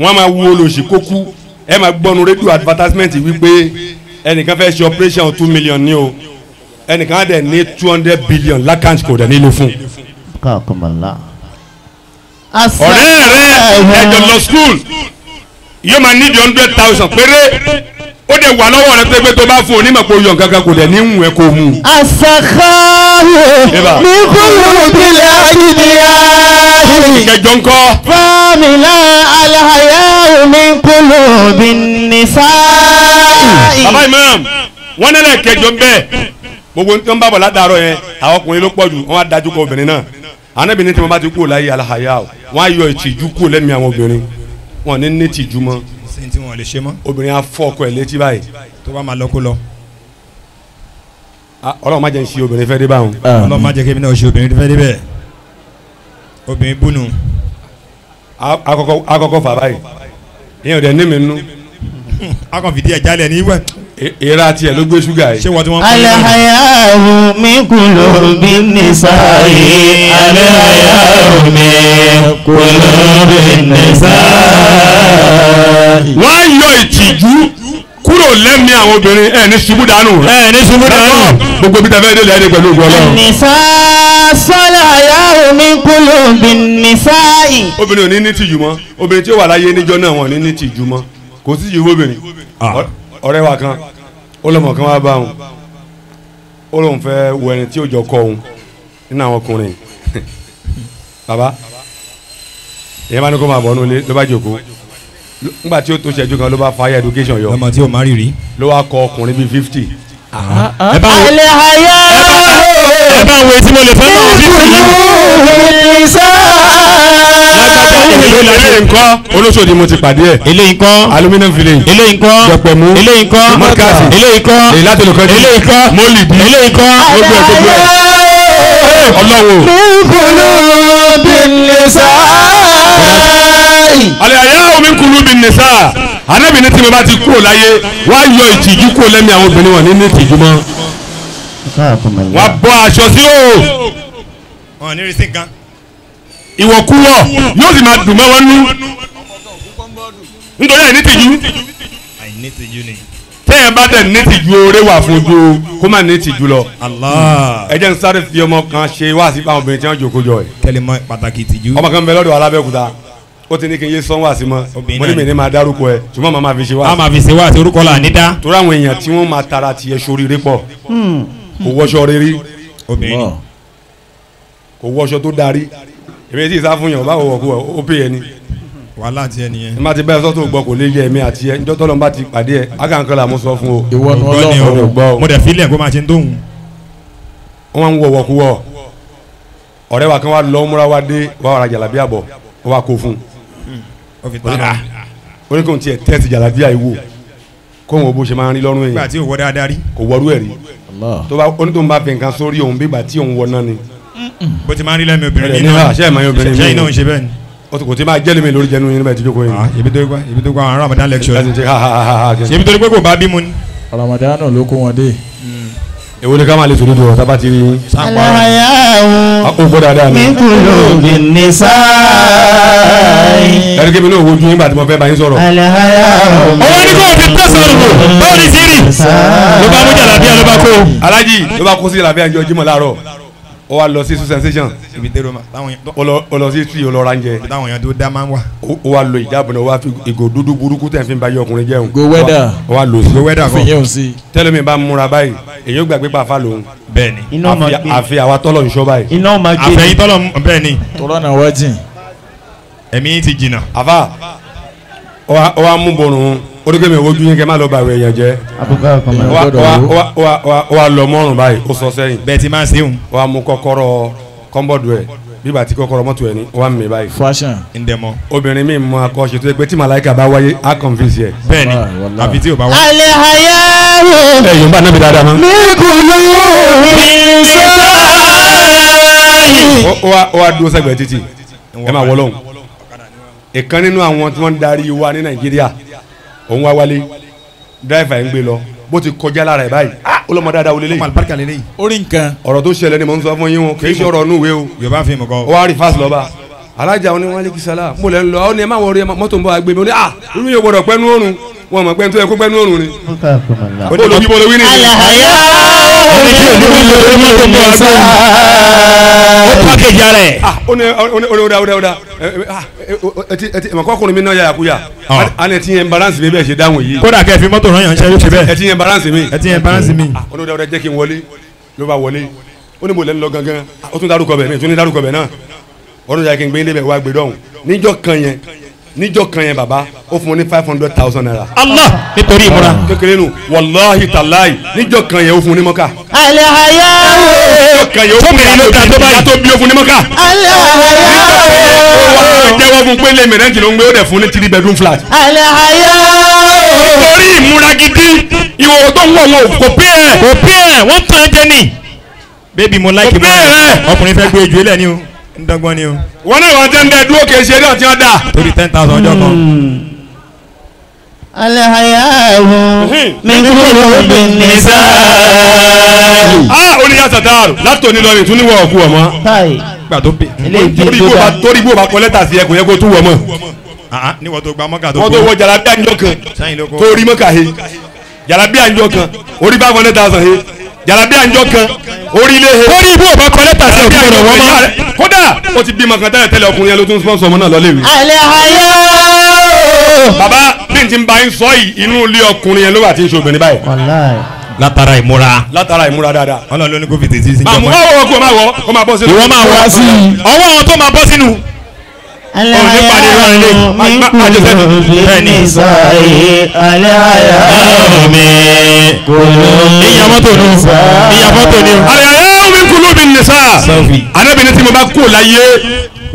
wọ́n máa wo olóṣì kókú ẹ máa gbọ́nu rédíò advertisement wípé ẹnìkan fẹ́ ṣe operation two million ní o ẹnìkan á dẹ̀ ní two hundred billion lákàntì kò dẹ̀ nílò fún. ọ̀rẹ́ rẹ ẹjọ lọ school yóò máa ní di hundred thousand péré ó dẹ̀ wà lọ́wọ́ rẹ pé tó bá fún onímọ̀ kó yọ nǹkan kan kò dẹ̀ ní ìwọ̀n kò mú. àṣàkáwò mi kúrò bílẹ̀ àjídìá. ìkẹjọ ńkọ. fámìlà aláhàyà omi kúrò bí nìfà. bàbá imam wọn nílẹ̀ kẹjọ bẹ́ẹ̀ gbogbo tó ń bá bọ̀ ládàárọ̀ yẹn àwọn ọkùnrin ló pọ̀ jù wọn á dájú kọ obìnrin náà anábìnrin tí wọn bá ti kú láyé aláhàyà wọn á yọ ìtìjú kú lẹ́mìí àwọn obìnrin wọn ní ní ìtìjú mọ́ sí tí wọn lè ṣe mọ́. obìnrin á fọ ọkọ ẹ̀ létí báyìí. tó bá máa lọ kó lọ. ọlọ́run má jẹ́ ń ṣe obìnrin fẹ́ dé báwọn. Ah. ọlọ́run má jẹ́ kí èmi náà ṣe obìnrin fẹ́ dé bẹ́ẹ̀. obìnrin búnu. akọkọ fà báyìí. ìyẹn ò dẹ̀ ní mi nú. a kàn fìdí ẹ̀ jálẹ̀ ní wẹ́ẹ̀ ìra tiẹ̀ ló gbé ṣúgà yìí. ṣé wọ́n ti wọ́n fún mi. alahayahu mi kulo bi nisa'i alahayahu mi kulo bi nisa'i. wọ́n á yọ ìtìjú kúrò lẹ́mìí àwọn obìnrin ẹ̀ ní ṣubú dànù. ẹ̀ ní ṣubú dànù. gbogbo bí tafẹ́ délé ẹni pẹ̀lú ògùn ọlọ́run. nìsa sọ́lá ayá omi kulo bi nisa'i. obìnrin ò ní ní tìjú mọ́ obìnrin tí ó wà láyé níjọ́ náà wọn ò ní ní tìjú mọ́ kò sí ìyíwó obìnrin. Ah ọ̀rẹ́ wa kan ó lọ́mọ kan wá bá òun ó lóun fẹ́ wọ ẹni tí ó jọ kọ òun nínú àwọn ọkùnrin baba èyàn bá ní kó máa bọ̀ ọ́nú ilé ló bá jókòó nígbà tí ó tó ṣẹ́jú kan ló bá fire education yọ lọ́mọ tí ó má rírì ló wá kọ ọkùnrin bíi fifty. Ah. Ah, ah. ẹ bá wo ẹ bá wo etí mo lè fẹ́ náà fifty eléyìí nkọ́ olóṣòdì mo ti pàdé ẹ̀. eléyìí nkọ́ aluminium village. eléyìí nkọ́ jọpẹ̀mú. eléyìí nkọ́ mọ́kàsì. eléyìí nkọ́ èyílátò lókọ́ jù. eléyìí nkọ́ mọ́lìbí. eléyìí nkọ́ gbogbo ẹ̀ ọlọ́wọ́. kúkúlù bí nìṣá. alẹ́ ayé ló mi bí nìṣá. anábì ní tí bá ti kúrò láyé wá yọ ìtìjú kúrò lẹ́mí àwọn obìnrin wọn nínú ìtìjú mọ́. wá bọ́ aṣọ sí o. wọn ò ní ìwọ̀kúwọ̀ yóò sì máa dùn mọ́ wọn nú nítorí àìní tìjú ni tẹ́yẹ̀ bá dẹ̀ ní tìjú oore wà fún ojú kó má ní tìjú lọ. ẹ jẹ́ n sáré fi ọmọ kan ṣe wá sí fáwọn obìnrin tí wọ́n jòkó jọ ẹ̀. kẹlẹ́mọ pàtàkì tìjú. ọmọ kan bẹ lọ́dọ̀ alábẹ́òkúta ó ti ní kí n yé sọ́n wá sí mọ́ mo ní mi ní máa dárúkọ ẹ̀ ṣùgbọ́n màá máa fi ṣe wá. a máa fi ṣe wá sí orúkọ la ní torí àwọn èèyàn tí wọ́n máa tara tiẹ̀ sóríire pọ̀ hmm. kò wọṣọ rere kò wọṣọ tó darí èmi ti sá fún yàn báwo wọ̀ kú wọ̀ ó pè é ni. wàhálà tiẹ̀ nìyẹn. nígbà tí bẹ́ẹ̀ sọ́tò gbọ́ kò lè yẹ èmi àti ẹ njọ́ tọ́lọ́mbà ti pàdé ẹ akankan la mo sọ fún o. ìwọ ni ọlọ́run o mo dẹ̀ filẹ̀ kó máa ṣe ń tóhun. wọ́n ń wọ̀ wọ̀ kú wọ̀ ọ̀rẹ́ wa kan wa lọ́ múra wa dé wa ra jàlábí àbọ̀ wa kó fún un. ó ní ah. kò tiẹ̀ tẹ́sí jàlábí àìwò kó wọn bó ṣe máa ń rí lọ́rùn yẹn. nígbà tí ò wọ dáadáa rí. kò wọ́rú ẹ̀ rí. tó bá onítòun bá fi nǹkan sórí òun bí ìgbà tí òun wọ náà ni bó ti máa rí lẹ́mìí obìnrin nínú ah, ṣe ìmọ̀ obìnrin nínú ṣe bẹ́ẹ̀ ni. o kò tí máa jẹ́ lórí jẹnu yín bẹ́ẹ̀ ti yín. Ah, ibi tó gbà ibi tó gbà àwọn Ramadan lecture ṣe ibi tó gbé kò bá bímọ ni. Ramadan náà ló kó wọn dé. Hmm. èwo ni ká máa lè sòrí jọ tábà ti rí yín. alaya o gbọ́dọ̀ adá mi. mi kúrò bí ní sáàyè. ẹni kébí náà wojú yín bàtí mo fẹ́ bá yín sọ̀rọ̀. alaya o mi kúrò bí ní sáàyè ó wá lọ sí su sensation ibi tẹ́lẹ̀ ma ó lọ sí su jẹ táwọn yẹn lo ìjábọ̀ náà ó wá fi ìgò dúdú burúkú tẹ̀ fi ń báyọ̀ ọkùnrin jẹun. go weather ó wá lo sí. go weather kan tẹ́lẹ̀ mi bá múra báyìí èyí ó gbàgbé pàfà lòun. bẹ́ẹ̀ni àfi àwa tọ́lọ̀ ń sọ báyìí. iná ma ni àfẹ́yìn náà wá jìn. ẹ̀mí ti jìnnà. àfà ọ wa mú bọ̀rùn oríkè mi wojú yín kẹ má lọ bá àwọn èèyàn jẹ ọ wa lọ mọ́rùn báyìí ó sọ sẹ́yìn bẹ́ẹ̀ ti máa ń sehun ọ wa mú kọ́kọ́rọ́ kọ́ńbọ̀dù ẹ̀ bíbà tí kọ́kọ́rọ́ mọ́tò ẹ̀ ní wa mi báyìí. fashion ndẹmọ. obìnrin mi mọ akọ́ṣe tó yẹ pé tí màláìka bá wáyé a convince yẹ. bẹ́ẹ̀ni àfi tí o bá wá. alẹ́ ayé wo. ẹ yorùbá náà bí dáadáa mọ. mi kò lóyún mi sọ́ọ́. ó wá dúró sẹ́gbẹ̀ẹ́ títì ẹ máa wọlọ́hùn ìkan nínú àwọn tí wọ́n ń darí wa ní nàìjíríà òun wá wálé dráìfà yẹn ń gbé lọ bó ti kọjá lára ẹ̀ báyìí ah olómọ dáadáa olè léyìí orí nǹkan ọ̀rọ̀ tó ṣẹlẹ̀ ni mò ń sọ fún yín o kì í ṣe ọ̀rọ̀ nùwé o yorùbá fi mọ̀ kọ́ ọ wá rí fásitì lọ́ba alájà wọn ni wọn lè kí sálà mo lẹ ń lọ ọ ni ẹ má wọ orí ẹ mọ́tò ń bọ àgbè mi ó ní à ah, irú yóò gbọdọ̀ pẹ́nu òrùn wọn mọ̀ pẹ́nu tó yẹ kó pẹ́nu òrùn ni. bọ́ọ̀lù bí bọ́ọ̀lù wí ni. alahaya ojú ìlú ló ní tó bọ̀ sá. ó pàkejì ara ẹ̀. Ah, ó ní ó dá ó dá ó dá mi náà yà kúyà ah. a ní yẹn balance mi bẹ́ẹ̀ ṣe dáhùn yìí. kódà kẹ́ ẹ fi mọ́tò rán yàn ṣẹ́ ló ṣe bẹ́ẹ̀. ẹ ti ọdún yà kí n gbé ilé bẹ̀ wá gbé dọ̀hún níjọ́ kan yẹn níjọ́ kan yẹn baba ó fún mi ní five hundred thousand naira. Allah nítorí ìmúra. kékeré nu wàláhi tàláhi níjọ́ kan yẹn ó fún ní mọ́ká. alahaya ooo tóbìnrin ló ta tó yàtọ̀ bí ó fún ní mọ́ká. alahaya ooo jẹ́wọ́ fún pé lè mẹ̀rẹ́ǹtì ló ń ó dẹ̀ fún ní three bedroom flat. alahaya ooo nítorí ìmúra gidi ìwòwò tó ń wọ̀ wọn kò pé ẹ̀. kò pé ẹ̀ wọ́n tàn án bébì mo láìkí mọ́ ọkùnrin fẹ́ gbé ojú ilẹ̀ ni o ń dọ́gbọ́n ni o. wọn náà wọ́n tẹ́ ń dúró kì í ṣe eré ọ̀tí ọ̀dà. torí ten thousand ọjọ́ kan. Hmm. alahayahu hmm. minkuru bin nisa. a oníyà sàtàrù ah, látòní lọ rè tún níwọ̀ ọ̀kú ọ̀mọ́. gbà tó bè torí gbó ba kọ lẹ́tà sí ẹ kò yẹ kó tún wọ̀ mọ́. Ah, ah, níwọ̀ tó gba mọ́kà tó kú. wọ́n tó wọ jalabi àjọ kan torí mọ́kà he jalabi àjọ kan orí bá kọ lẹ́tà sàn he jalabi anjọ kan orílẹ̀ he. orí ibi òbá kọ lẹ́tà sí ọ̀gbìn ọ̀rọ̀ wọn máa. kódà ó ti bímọ kan tẹ́lẹ̀ tẹ́lẹ̀ ọkùnrin yẹn ló tún sponsor ọmọ náà lọ léwu. àlẹ́ ayé o. bàbá bí n ti ba ń sọ yìí inú ilé ọkùnrin yẹn ló wà tí ń ṣe obìnrin báyìí. látara ìmúra. látara ìmúra dáadáa. ọlọ́run ló ní tètè sí ìjọba. màmú ọwọ́ ọkọ̀ máa wọ ọmọ máa bọ́ sínú onípàdé lọ́rin lé májòfẹ́ bẹ́ẹ̀ni. ìyá mọ́tò ni ìyá mọ́tò ni. àlẹ́ àyà omi kúló mi nìsa. àdébìnrin tí mo bá kú láyé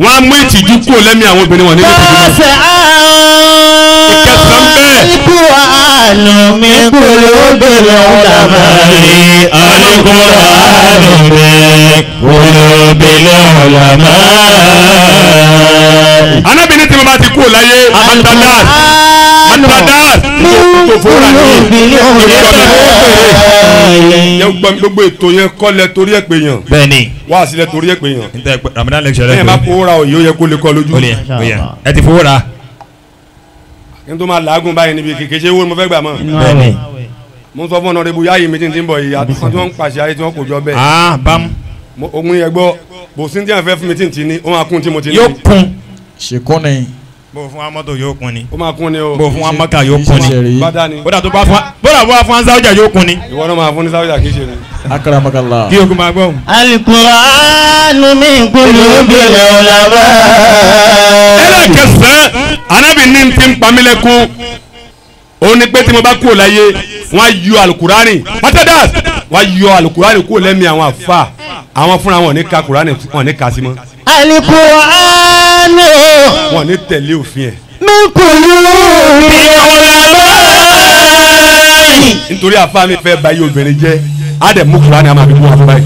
wọ́n á mú ìtìjú kúrò lẹ́mí àwọn obìnrin wọn nínú ìtìjú náà. lọ́sẹ̀ àwọn ìkẹsàn bẹ́ẹ̀. ikú àlùmí kúrò obìnrin ọ̀dà mẹ́rin alukóra àlùmí kúrò obìnrin ọ̀dà mẹ́rin. anábìnrin tí mo bá ti kúrò láyé àbáńdá náà gbogbo ètò yẹn kọ́lẹ̀ torí ẹ̀ pé yàn. bẹ́ẹ̀ni. wá sílẹ̀ torí ẹ̀ pé yàn. n tẹ ramadan lecture rẹ pé. ẹ má fowó ra òye ó yẹ kó lè kọ́ lójú. o yẹ o yẹ ẹ ti fowó ra. kí n tó máa làágùn báyìí níbi kékeré ṣé owó ni mo fẹ́ gbà mọ́. bẹ́ẹ̀ni. mo sọ fún ọ̀nàdébù yáàyè mi tí n ti ń bọ̀ yìí àtúntò tí wọ́n ń pàṣẹ ayé tí wọ́n kò jọ bẹ́ẹ̀. aa ah, bam. ogun yẹn gbọ́ bòsíntì àfẹ́ fún mi tí n ti ní ó máa kún tí mo ti ní. yóò kún. ṣèkún ni bó fún amọ́tò yóò kun ni. ó máa kun ni o. bó fún amọ́kà yóò kun ni. bàdá ni. bódà tó bá fún bódà bó fún ansáwùjà yóò kun ni. ìwọ náà máa fún ní sáwùjà kì í ṣe ni. akaramakallah. kí o kún máa gbọ́. alukuraanu mi kúlù bílẹ̀ ọ̀làbà. ẹlẹ́ kẹsàn-án anábì ní ti ń pamílẹ̀kùn ó ní pé tí mo bá kú láyé wọ́n á yọ alukuraani pátádàs wọ́n á yọ alukuraani kú lẹ́mìí àwọn àfa àwọn fúnra wọn ò ní ka kuraani wọn ò ní ka sí mọ́. alukuraani lẹ́nu. wọn ní tẹ̀lé òfin ẹ̀. mi kò lù ú bí ọ̀làlọ́ nítorí àfáàmì fẹ́ báyìí obìnrin jẹ́ á dẹ̀ mú kúránì àmàbí mú àfọ báyìí.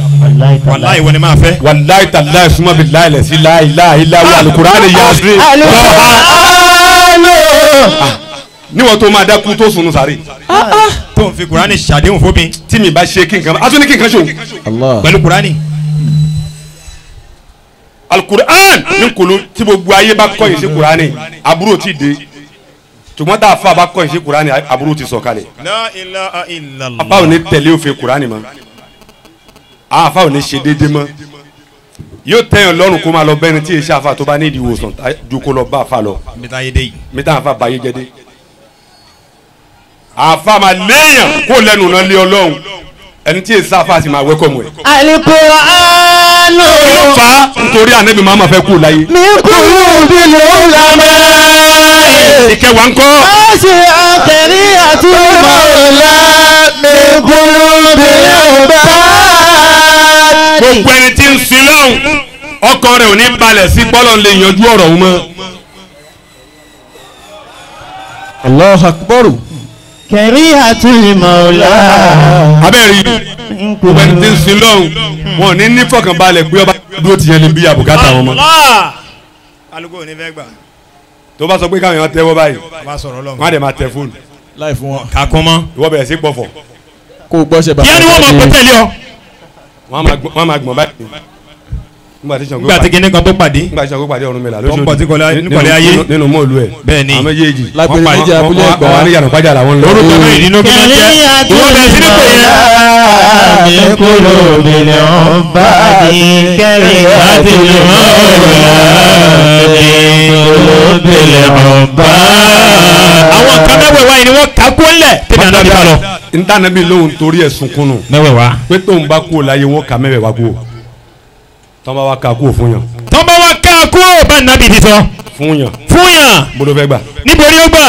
wàláyé wọn ni máa fẹ́. wàláyé tàláyé súnmọ́ bí láyé lẹ̀ sí láyé láyé láyé alukuraani yasiri. alukuraani níwọ̀n tó máa dákú tó sunu sáré. Ah, ah. tó ń fi kurani ṣàdéhùn fún mi. tí mi bá ṣe kí n kan a tún ní kí n kan ṣe o. pẹ̀lú kurani alukur'an ní kolo tí gbogbo ayé bá kọ́ ìṣe kur'ani aburú ti dé tùmọ̀ tá a fa bá kọ́ ìṣe kur'ani aburú ti sọ̀kalẹ̀ afa ò ní tẹ̀lé òfin kur'ani mọ́ A ò ní ṣe déédé mọ́ yóò tẹ̀yàn lọ́rùn kó máa lọ bẹ́ni tí èsì afa tó bá ní ìdí ìwòsàn ju kó lọ bá afa lọ mẹ́ta afa bá yé jẹ́ dé afa máa léèyàn kó lẹ́nu náà lé ọlọ́run ẹni tí èsì àfa àti máa wẹ́kọ̀mù ẹ̀. àlìkòrò àánú. ló fà á nítorí ànábì máa ma fẹ́ kú láyé. mi kúrú bí ló ń la máa. ìkẹwàá ń kọ́. ó ṣe àkẹ́rí àti mọ̀ọ́lá mi kúrú bí ló ń bá. gbogbo ẹni tí ń sin lọ́hùn ọkàn rẹ̀ ò ní balẹ̀ sí pọ́lọ́ lè yanjú ọ̀rọ̀ wọn. Allah Akbar kẹ̀rí àtúnyìmọ̀ ọ̀la. abẹ́rẹ́ yìí kò bẹ́ẹ̀ ti ń sin lọ́hùn wọn ní ní fọkànbalẹ̀ pé ọba dúró ti yẹn lè bí àbùkátà wọn mọ́. alùpùpù ò ní fẹ́ gbà. tó bá sọ pé káwọn èèyàn tẹ́wọ́ báyìí wọ́n á dẹ̀ máa tẹ fóònù. láì fún wọn. kà kún mọ́. ìwọ bẹ̀rẹ̀ sí gbọ̀fọ̀. kó o gbọ́ ṣe bàbá rẹ. yẹ́nni wọ́n máa gbọ́ tẹ̀lé ọ. wọ́n á máa gbọ̀n báyìí nígbà tí kíní kan tó pàdé nígbà tí Ṣàngó pàdé Ọ̀rúnmìlà lóṣooṣù tó ń pọ̀ nípọ̀lẹ́ ayé nínú mọ́ọ̀lù ẹ̀ bẹ́ẹ̀ni àwọn méjèèjì wọ́n pa ìjà abúlé wọn ní yànnàpájà làwọn lọ. orúkọ mi ìdí kí ló jẹ́ ìwọ bẹ̀rẹ̀ sí ní pè é. mi kúrò bìnrin ọba ní kẹrì láti lè mọ òrùlà mi kúrò bìnrin ọba. àwọn kan mẹ́wẹ̀ẹ́ wáyé ni wọ́n kakú ńlẹ̀ tẹ̀lé àná nípa lọ. ntànàbí lóhun torí ẹ̀sùn kunu. mẹ́wẹ̀ẹ́ wa. pé tóun bá kú ọ láyé wọ́n ka mẹ́wẹ̀ẹ́ wa kú o tọ́nba wa ká kú fún yàn. tọ́nba wa ká kú bá nàbì ti sọ. fún yàn. fún yàn. bolo fẹ́ gbà. níbo ni ó gbà.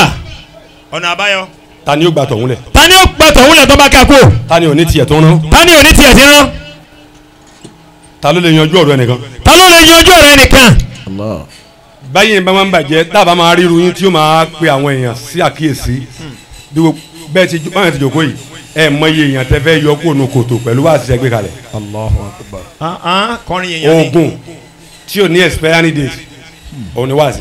ọ̀nà àbáyọ. ta ni ó gbà tọ̀hún lẹ̀. ta ni ó gbà tọ̀hún lẹ̀ tọ́nba ká kú. ta ni ò ní tiẹ̀ tó ń rán. ta ni ò ní tiẹ̀ ti rán. ta ló lè yanjú ọ̀rọ̀ ẹnìkan. ta ló lè yanjú ọ̀rọ̀ ẹnìkan. báyìí bá máa ń bàjẹ́ dábàá máa ríru yín tí ó máa pe àwọn èèyàn sí àkíyèsí bí bẹ́ẹ̀ ti jòkó yìí ẹ mọye èèyàn tẹ fẹ́ yọ kóònù kòtò pẹ̀lú bá a ṣiṣẹ́ gbé kalẹ̀. Allahu Akbar. kọrin yẹn yanni. oògùn tí o ní expiry date òun ni wá sí.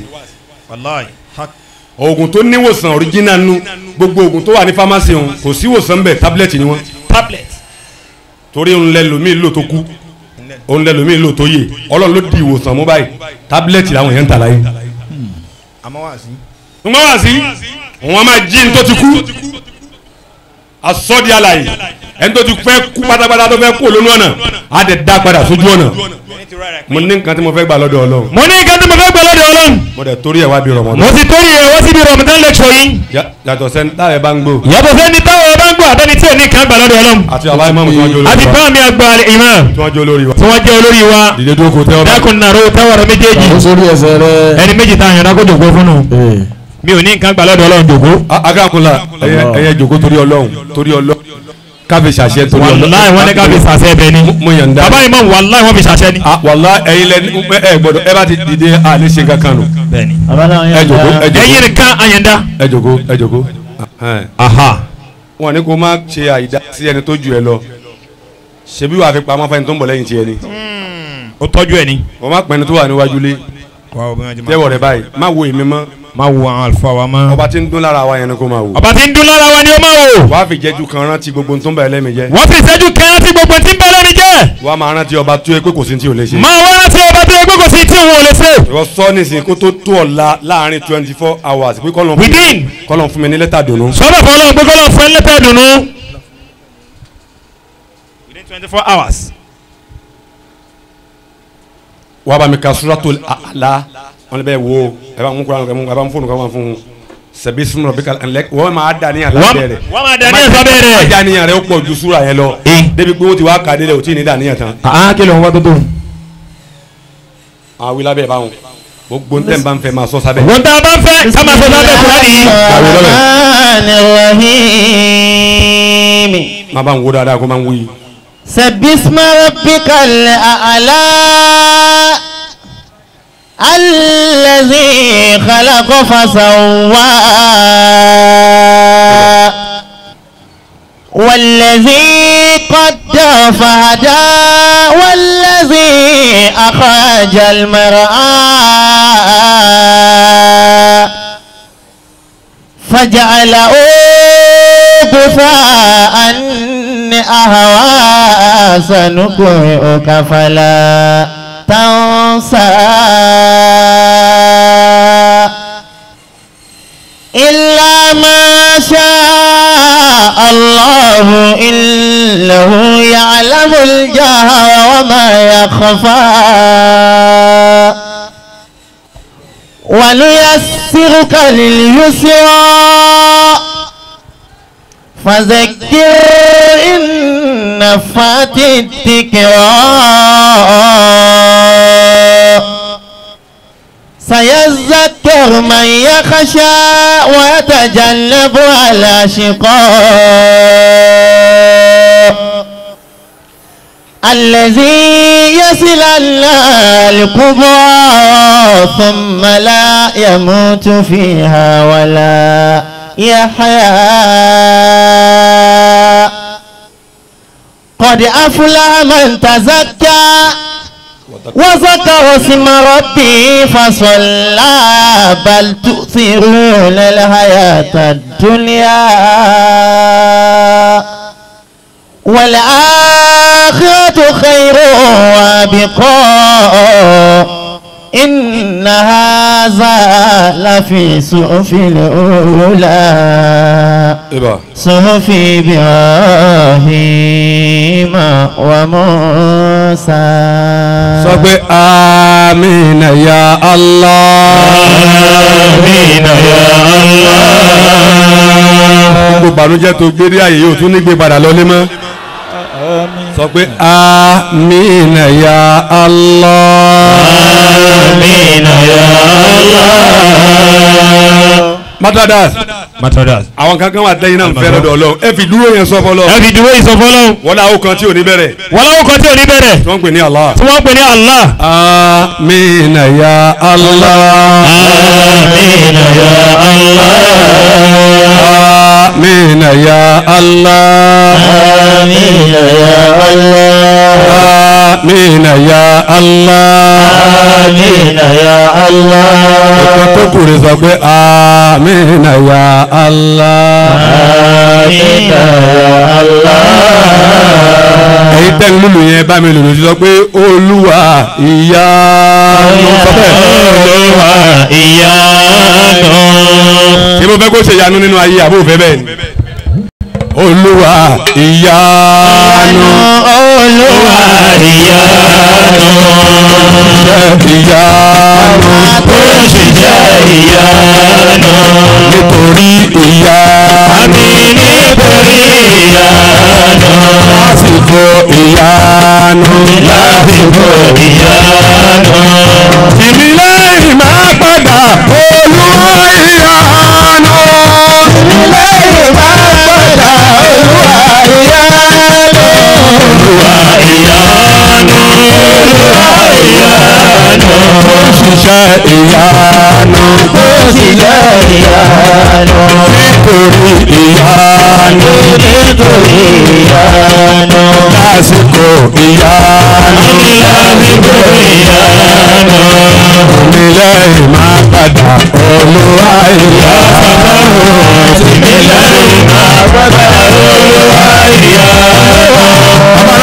oògùn tó níwòsàn original nu gbogbo oògùn tó wà ní pharmacy òun kò sí ìwòsàn bẹ́ẹ̀ tablet ni wọ́n. tablet. torí òun lẹ lomi lò tó kú òun lẹ lomi lò tó yè ọlọ́run ló di ìwòsàn mú báyìí tablet làwọn èèyàn ń tà láyé. àmọ́ wá sí. ń wá sí wọ́n máa jí ní tó ti kú asọ́di alaye ẹni tó ti fẹ́ kú pátápátá tó fẹ́ kú olónú ọ̀nà á tẹ̀ dá padà sójú ọ̀nà mo ní nǹkan tí mo fẹ́ gbà lọ́dọ̀ ọlọ́run. mo ní nǹkan tí mo fẹ́ gbà lọ́dọ̀ ọlọ́run. mo dẹ̀ torí ẹ̀ wá bí rọmọdán. mo sì torí ẹ̀ wá síbi rọmọdán lẹ́kṣọ̀ yìí. yàtọ̀ sẹ́ni táwọn ẹ̀ bá ń gbò. yàtọ̀ sẹ́ni táwọn ẹ̀ bá ń gbò àtẹni tí ẹ̀ ní kan gbà lọ́dọ̀ ọlọ́run. àti àbá ìmọ̀ mi tí wọ́n jẹ́ olórí wa. àti bá mi àgbà ìmọ̀. tí wọ́n jẹ́ olórí wa. tí wọ́n jẹ́ olórí wa. dìde tó kò tẹ́wọ́ bá. dákun nàró tẹ́wọ́ rẹ méjèèjì. ẹni méjì táwọn yàrá kó dògbò fún un mi ò ní nǹkan gbà lọ́dọ̀ ọlọ́run jòkó. agbákunla ẹyẹ jòkó torí ọlọ́run torí ọlọ́run káfí ṣàṣẹ torí ọlọ́run. wàláì wọn ní káfí ṣàṣẹ bẹ ni. mo yàn dá. bàbá yìí mọ wàláì wọn fi ni. wàláì ẹ̀yin lẹ ẹ gbọ́dọ̀ ẹ bá ti dìde àlẹ ṣe kankan nù. bẹ́ẹ̀ni ẹ jòkó àyẹ̀dá. ẹ jòkó ẹ jòkó. aha. wọn ní kó má ṣe àìdá sí ẹni tó ju ẹ lọ ṣebí wàá fi pamọ́ fẹ́ni tó ń bọ̀ lẹ́yìn tiẹ̀ ni. ó tọ́jú ẹ ni. wọ́n má pẹ́ni tó wà níwájú lé. Ma tẹ́wọ̀ rẹ báyìí má wo èmi mọ́. má wo àwọn àlùfáà wa mọ́. ọba tí ń dún lára wa yẹn ni kò máa wò. ọba tí ń dún lára wa ni ó máa wò. wàá fi ìṣẹ́jú kan rántí gbogbo tó ń bẹ lẹ́mi jẹ́. wọ́n fi ìṣẹ́jú kan rántí gbogbo tí ń bẹ lẹ́mi jẹ́. wàá máa rántí ọba tó yẹ pé kò sí tí ò lè ṣe. máa wá rántí ọba tó yẹ pé kò sí tí òun ò lè ṣe. ìwọ sọ nísìnyí kó tó tó ọ̀la láàárín twenty four hours pé kọ́lọ̀ fún mi ní lẹ́tà dùnú. sọ́dọ̀ kọ́lọ̀ pé kọ́lọ̀ fún mi ní lẹ́tà dùnú. within twenty four hours wàá bá mi ka suratul A'la wọn lè wo ẹ bá ń kura nǹkan mu ẹ bá ń fún nǹkan mu fún sẹbi sunura bí kala lẹ wọn máa dàníyàn lábẹ́ rẹ̀ wọn máa dàníyàn sábẹ́ rẹ̀ wọn dàníyàn rẹ̀ ó pọ̀ ju sura yẹn lọ débi pé wọn ti wá kàdé rẹ o ti ní dàníyàn tán. aa kí ló ń wá tó tó. àwọn awilá bẹ́ẹ̀ báwọn gbogbo ntẹ n bá n fẹ́ máa sọ sábẹ́. wọn tẹ a bá fẹ́ ká máa sọ sábẹ́ kura ni. Ma bá ń wo dáadáa kó máa ń wuyi. سب اسم ربك الأعلى الذي خلق فسوى والذي قد فهدى والذي أخرج المرعى فجعله غثاء ní àhàwá àṣànúkùnrin òkàfàlà táwọn sáà ilá máa ṣá Allahu innahu ya'lamul jahra wa ma yakhfa wa nuyassiruka lil yusra. فذكر إن نفعت الذكرى سيذكر من يخشى ويتجنب الأشقاء الذي يصل الكبرى ثم لا يموت فيها ولا يحيى قد أفلح من تزكى وذكر اسم ربي فصلى بل تؤثرون الحياة الدنيا والآخرة خير وابقى inna haza lafi suhufil ula suhufi ibrahima wa musa. sọ pé amina ya allah. amina ya allah. gbogbo bànújẹ́ tó gbé rí àyè yóò tún nígbè padà lọ lé mọ́ sọ pé amina ya Allah amina ya Allah. matadas matodas. àwọn kankan wà tẹ́yìn náà fẹ́ràn dọ̀ lọ ẹ fi dúró yẹn sọ fọlọ. ẹ fi dúró yẹn sọ fọlọ. wọlé àwọn kan tí ò ní bẹ̀rẹ̀. wọlé àwọn kan tí ò ní bẹ̀rẹ̀. tí wọ́n ń ní Allah. tí wọ́n ń ní Allah. amina ya Allah. amina ya Allah. amina ya Allah. amina ya Allah. آمين يا الله آمين يا الله آمين يا Allah. Amina Allah. Ẹyin tẹ́ ń múlò yẹn bá mi lòlò sí sọ pé Olúwa ìyanu sọ bẹ́ẹ̀. Olúwa ìyanu. Ṣé mo fẹ́ kó ṣe ìyanu nínú ayé àbò òfẹ́ bẹ́ẹ̀ ni? olúwa ìyanu olúwa ìyanu jẹ́ ìyanu ó sì jẹ́ ìyanu nítorí ìyanu àmì nítorí ìyanu lásìkò ìyanu lásìkò ìyanu tìmí lẹ́yìn máa padà olúwa ìyanu tìmí lẹ́yìn máa. Olúwa ìyá mi. Olúwa ìyá ó ṣiṣẹ́ ìyanu ó ṣiṣẹ́ ìyanu nítorí ìyanu nítorí ìyanu lásìkò ìyanu lásìkò ìyanu òmìnira ìmá padà olúwa ìyanu òmìnira ìmá padà olúwa ìyanu.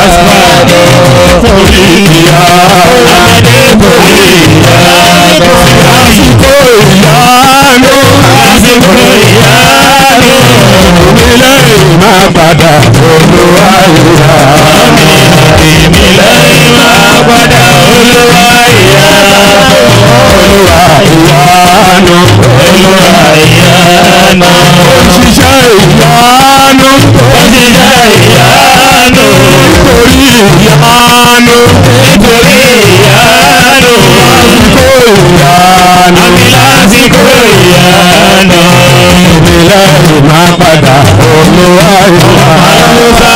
asmado poliya amade poliya asiko iyanu asiko iyanu omilẹ ima padà Olúwa ìyá mi omilẹ ima padà Olúwa ìyá Olúwa ìyanu Olúwa ìyanu òṣìṣẹ́ ìyanu òṣìṣẹ́ nítorí ìyanu nítorí ìyanu àsìkò ìyanu àmì lásìkò ìyanu ìdílé ìmápadà olúwa ìyanu àlùfà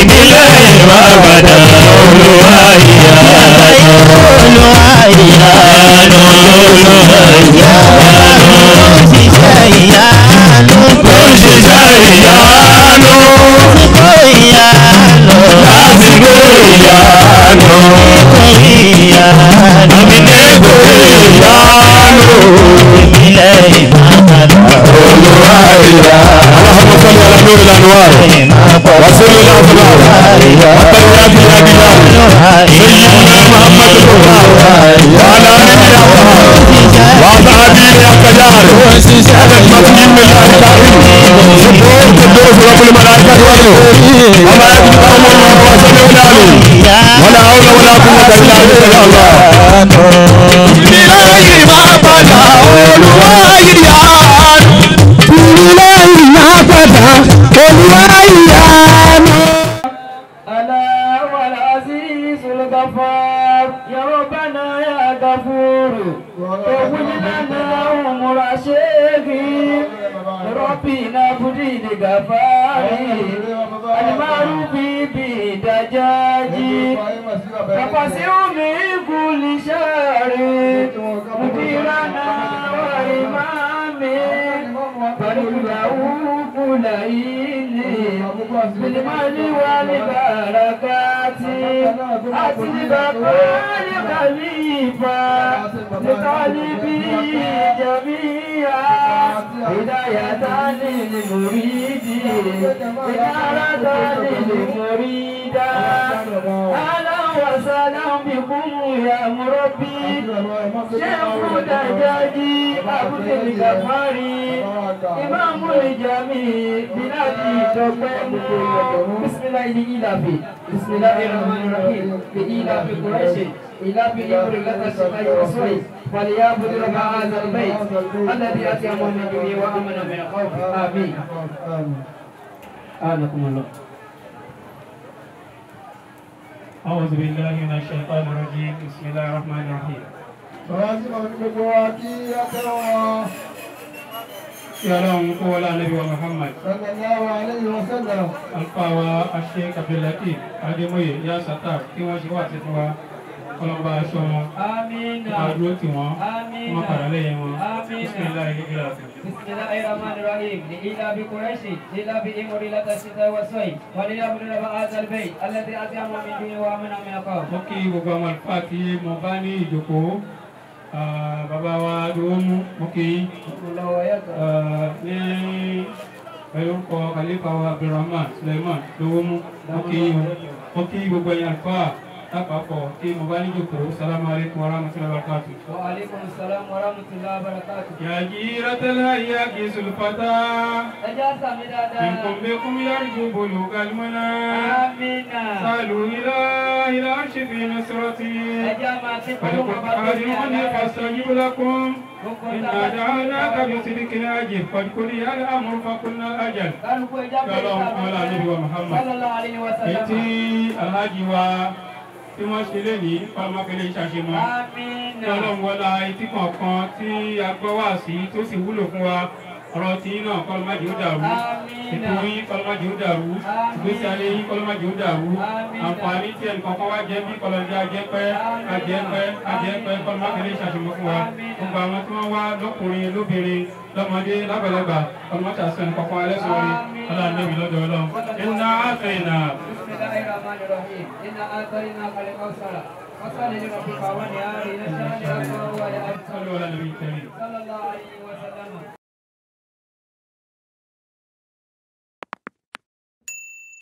ìdílé ìmápadà olúwa ìyanu olúwa ìyanu olúwa ìyanu òṣìṣẹ́ ìyanu òṣìṣẹ́ ìyanu. Hallelujah ti gbé ìyanu. Àmìdé kò rí ìyanu. Ìpínlẹ̀ Ìbàdàn. Olúwa ìyá. Aláhùn sọ́lé alábíyó ìlànà wa. Wàsílù ìlànà wa. Àpẹẹrẹ àti ìyàbíyà. Sèyídìí Muhammadu Bùhá. Wàhálà níbi àwọ̀. Wàhálà àbí àkàjáre. Ẹ̀rẹ̀ ìgbàtí yìí mi láti dárí. Ṣùgbọ́n ó ti dúró fún ọkùnrin mọ̀lá ìgbàdúrà. Ọmọ ẹ̀ ti bá ọmọ náà. ولا حول ولا قوة إلا بالله قلبي جميعا هداية للمريد إنارة للمريدا أهلا وسهلا بكم يا مربي شيخ دجاجي أبو الغفاري إمام الجميع بلادي تقيم بسم الله الإله بسم الله الرحمن الرحيم بإله قريش إله بإله لك الشفاء والسويس وليعبد رب هذا البيت الذي أتيمه من جوعي وأمن من خوف آمين آنكم الله أعوذ بالله من الشيطان الرجيم بسم الله الرحمن الرحيم يلوم قول النبي محمد صلى الله عليه وسلم القوى الشيخ عبد اللطيف أدمي يا ستار كما شواتي kọlọ́ba aṣọ wọn máa dúró tì wọ́n máa padà lẹ́yìn wọn bísímìlá ìlera sí. bísímìlá ìrahmani rahim ní ilá bí kúrẹ́ṣì ní ilá bí ìmọ̀rí látà síta wọ́sọ̀ yìí wọ́n ní yàgò lọ́la bá azal bẹ́ẹ̀ alẹ́dẹ́ àti àwọn mi dúró wa mẹ́nà mẹ́nà kọ́. mo kí gbogbo àwọn àlùfáà tí mo bá ní ìjókòó ah, bàbá wa dúró mú mo kí ah, ní pẹ̀lú kọ kàlífà wa abdulrahman suleiman dúró mú mo kí gbogbo ẹ̀yàn àlùfáà lápapọ̀ tí mo bá ní jòkó salamu alaykum wa rahmatullahi wa barakatu. wa aleykum salam wa rahmatullahi wa barakatu. yàjí rẹ́tẹ́lá yá kì í sulfata. ẹja sàmì dáadáa. nǹkan bẹ kún yára ju bolo galimana. amina. salu ila ila ṣèfì nasirati. ẹja máa ti pẹ̀lú wọn bá tó ní àná. فاستجب لكم إن دعانا بصدق أجب قد قضي الأمر فقلنا أجل قالوا قال محمد tí wọ́n ṣe lénìí ọlọ́mọkẹ́lẹ́ ìṣàṣemọ́ tí ọlọ́run wọlá etí kọ̀ọ̀kan tí a gbọ́ wá sí tó sì wúlò fún wa ọ̀rọ̀ tí yín náà kọ́lọ́mọ́dé ó dàrú ètò yín kọ́lọ́mọ́dé ó dàrú ìgbésí ayé yín kọ́lọ́mọ́dé ó dàrú àǹfààní tí ẹnì kọ̀ọ̀kan wá jẹ́ bí kọ́lọ́dé ajẹ́pẹ́ ajẹ́pẹ́ ajẹ́pẹ́ kọ́lọ́mọ́kẹ́lẹ́ ìṣàṣemọ́ fún wa gbogbo àwọn tí wọ́n wá lọ́kùnrin lóbìnrin lọ́mọdé lágbàlagbà kọ́lọ́mọ́tà sẹ́ni kọ̀ọ̀kan alẹ́ sọ̀rọ̀ ọ̀là nẹ́bí الله الرحمن الرحيم إن أعطيناك الكوثر فصل لربك ولآل نشأ لك وهو صلى الله عليه وسلم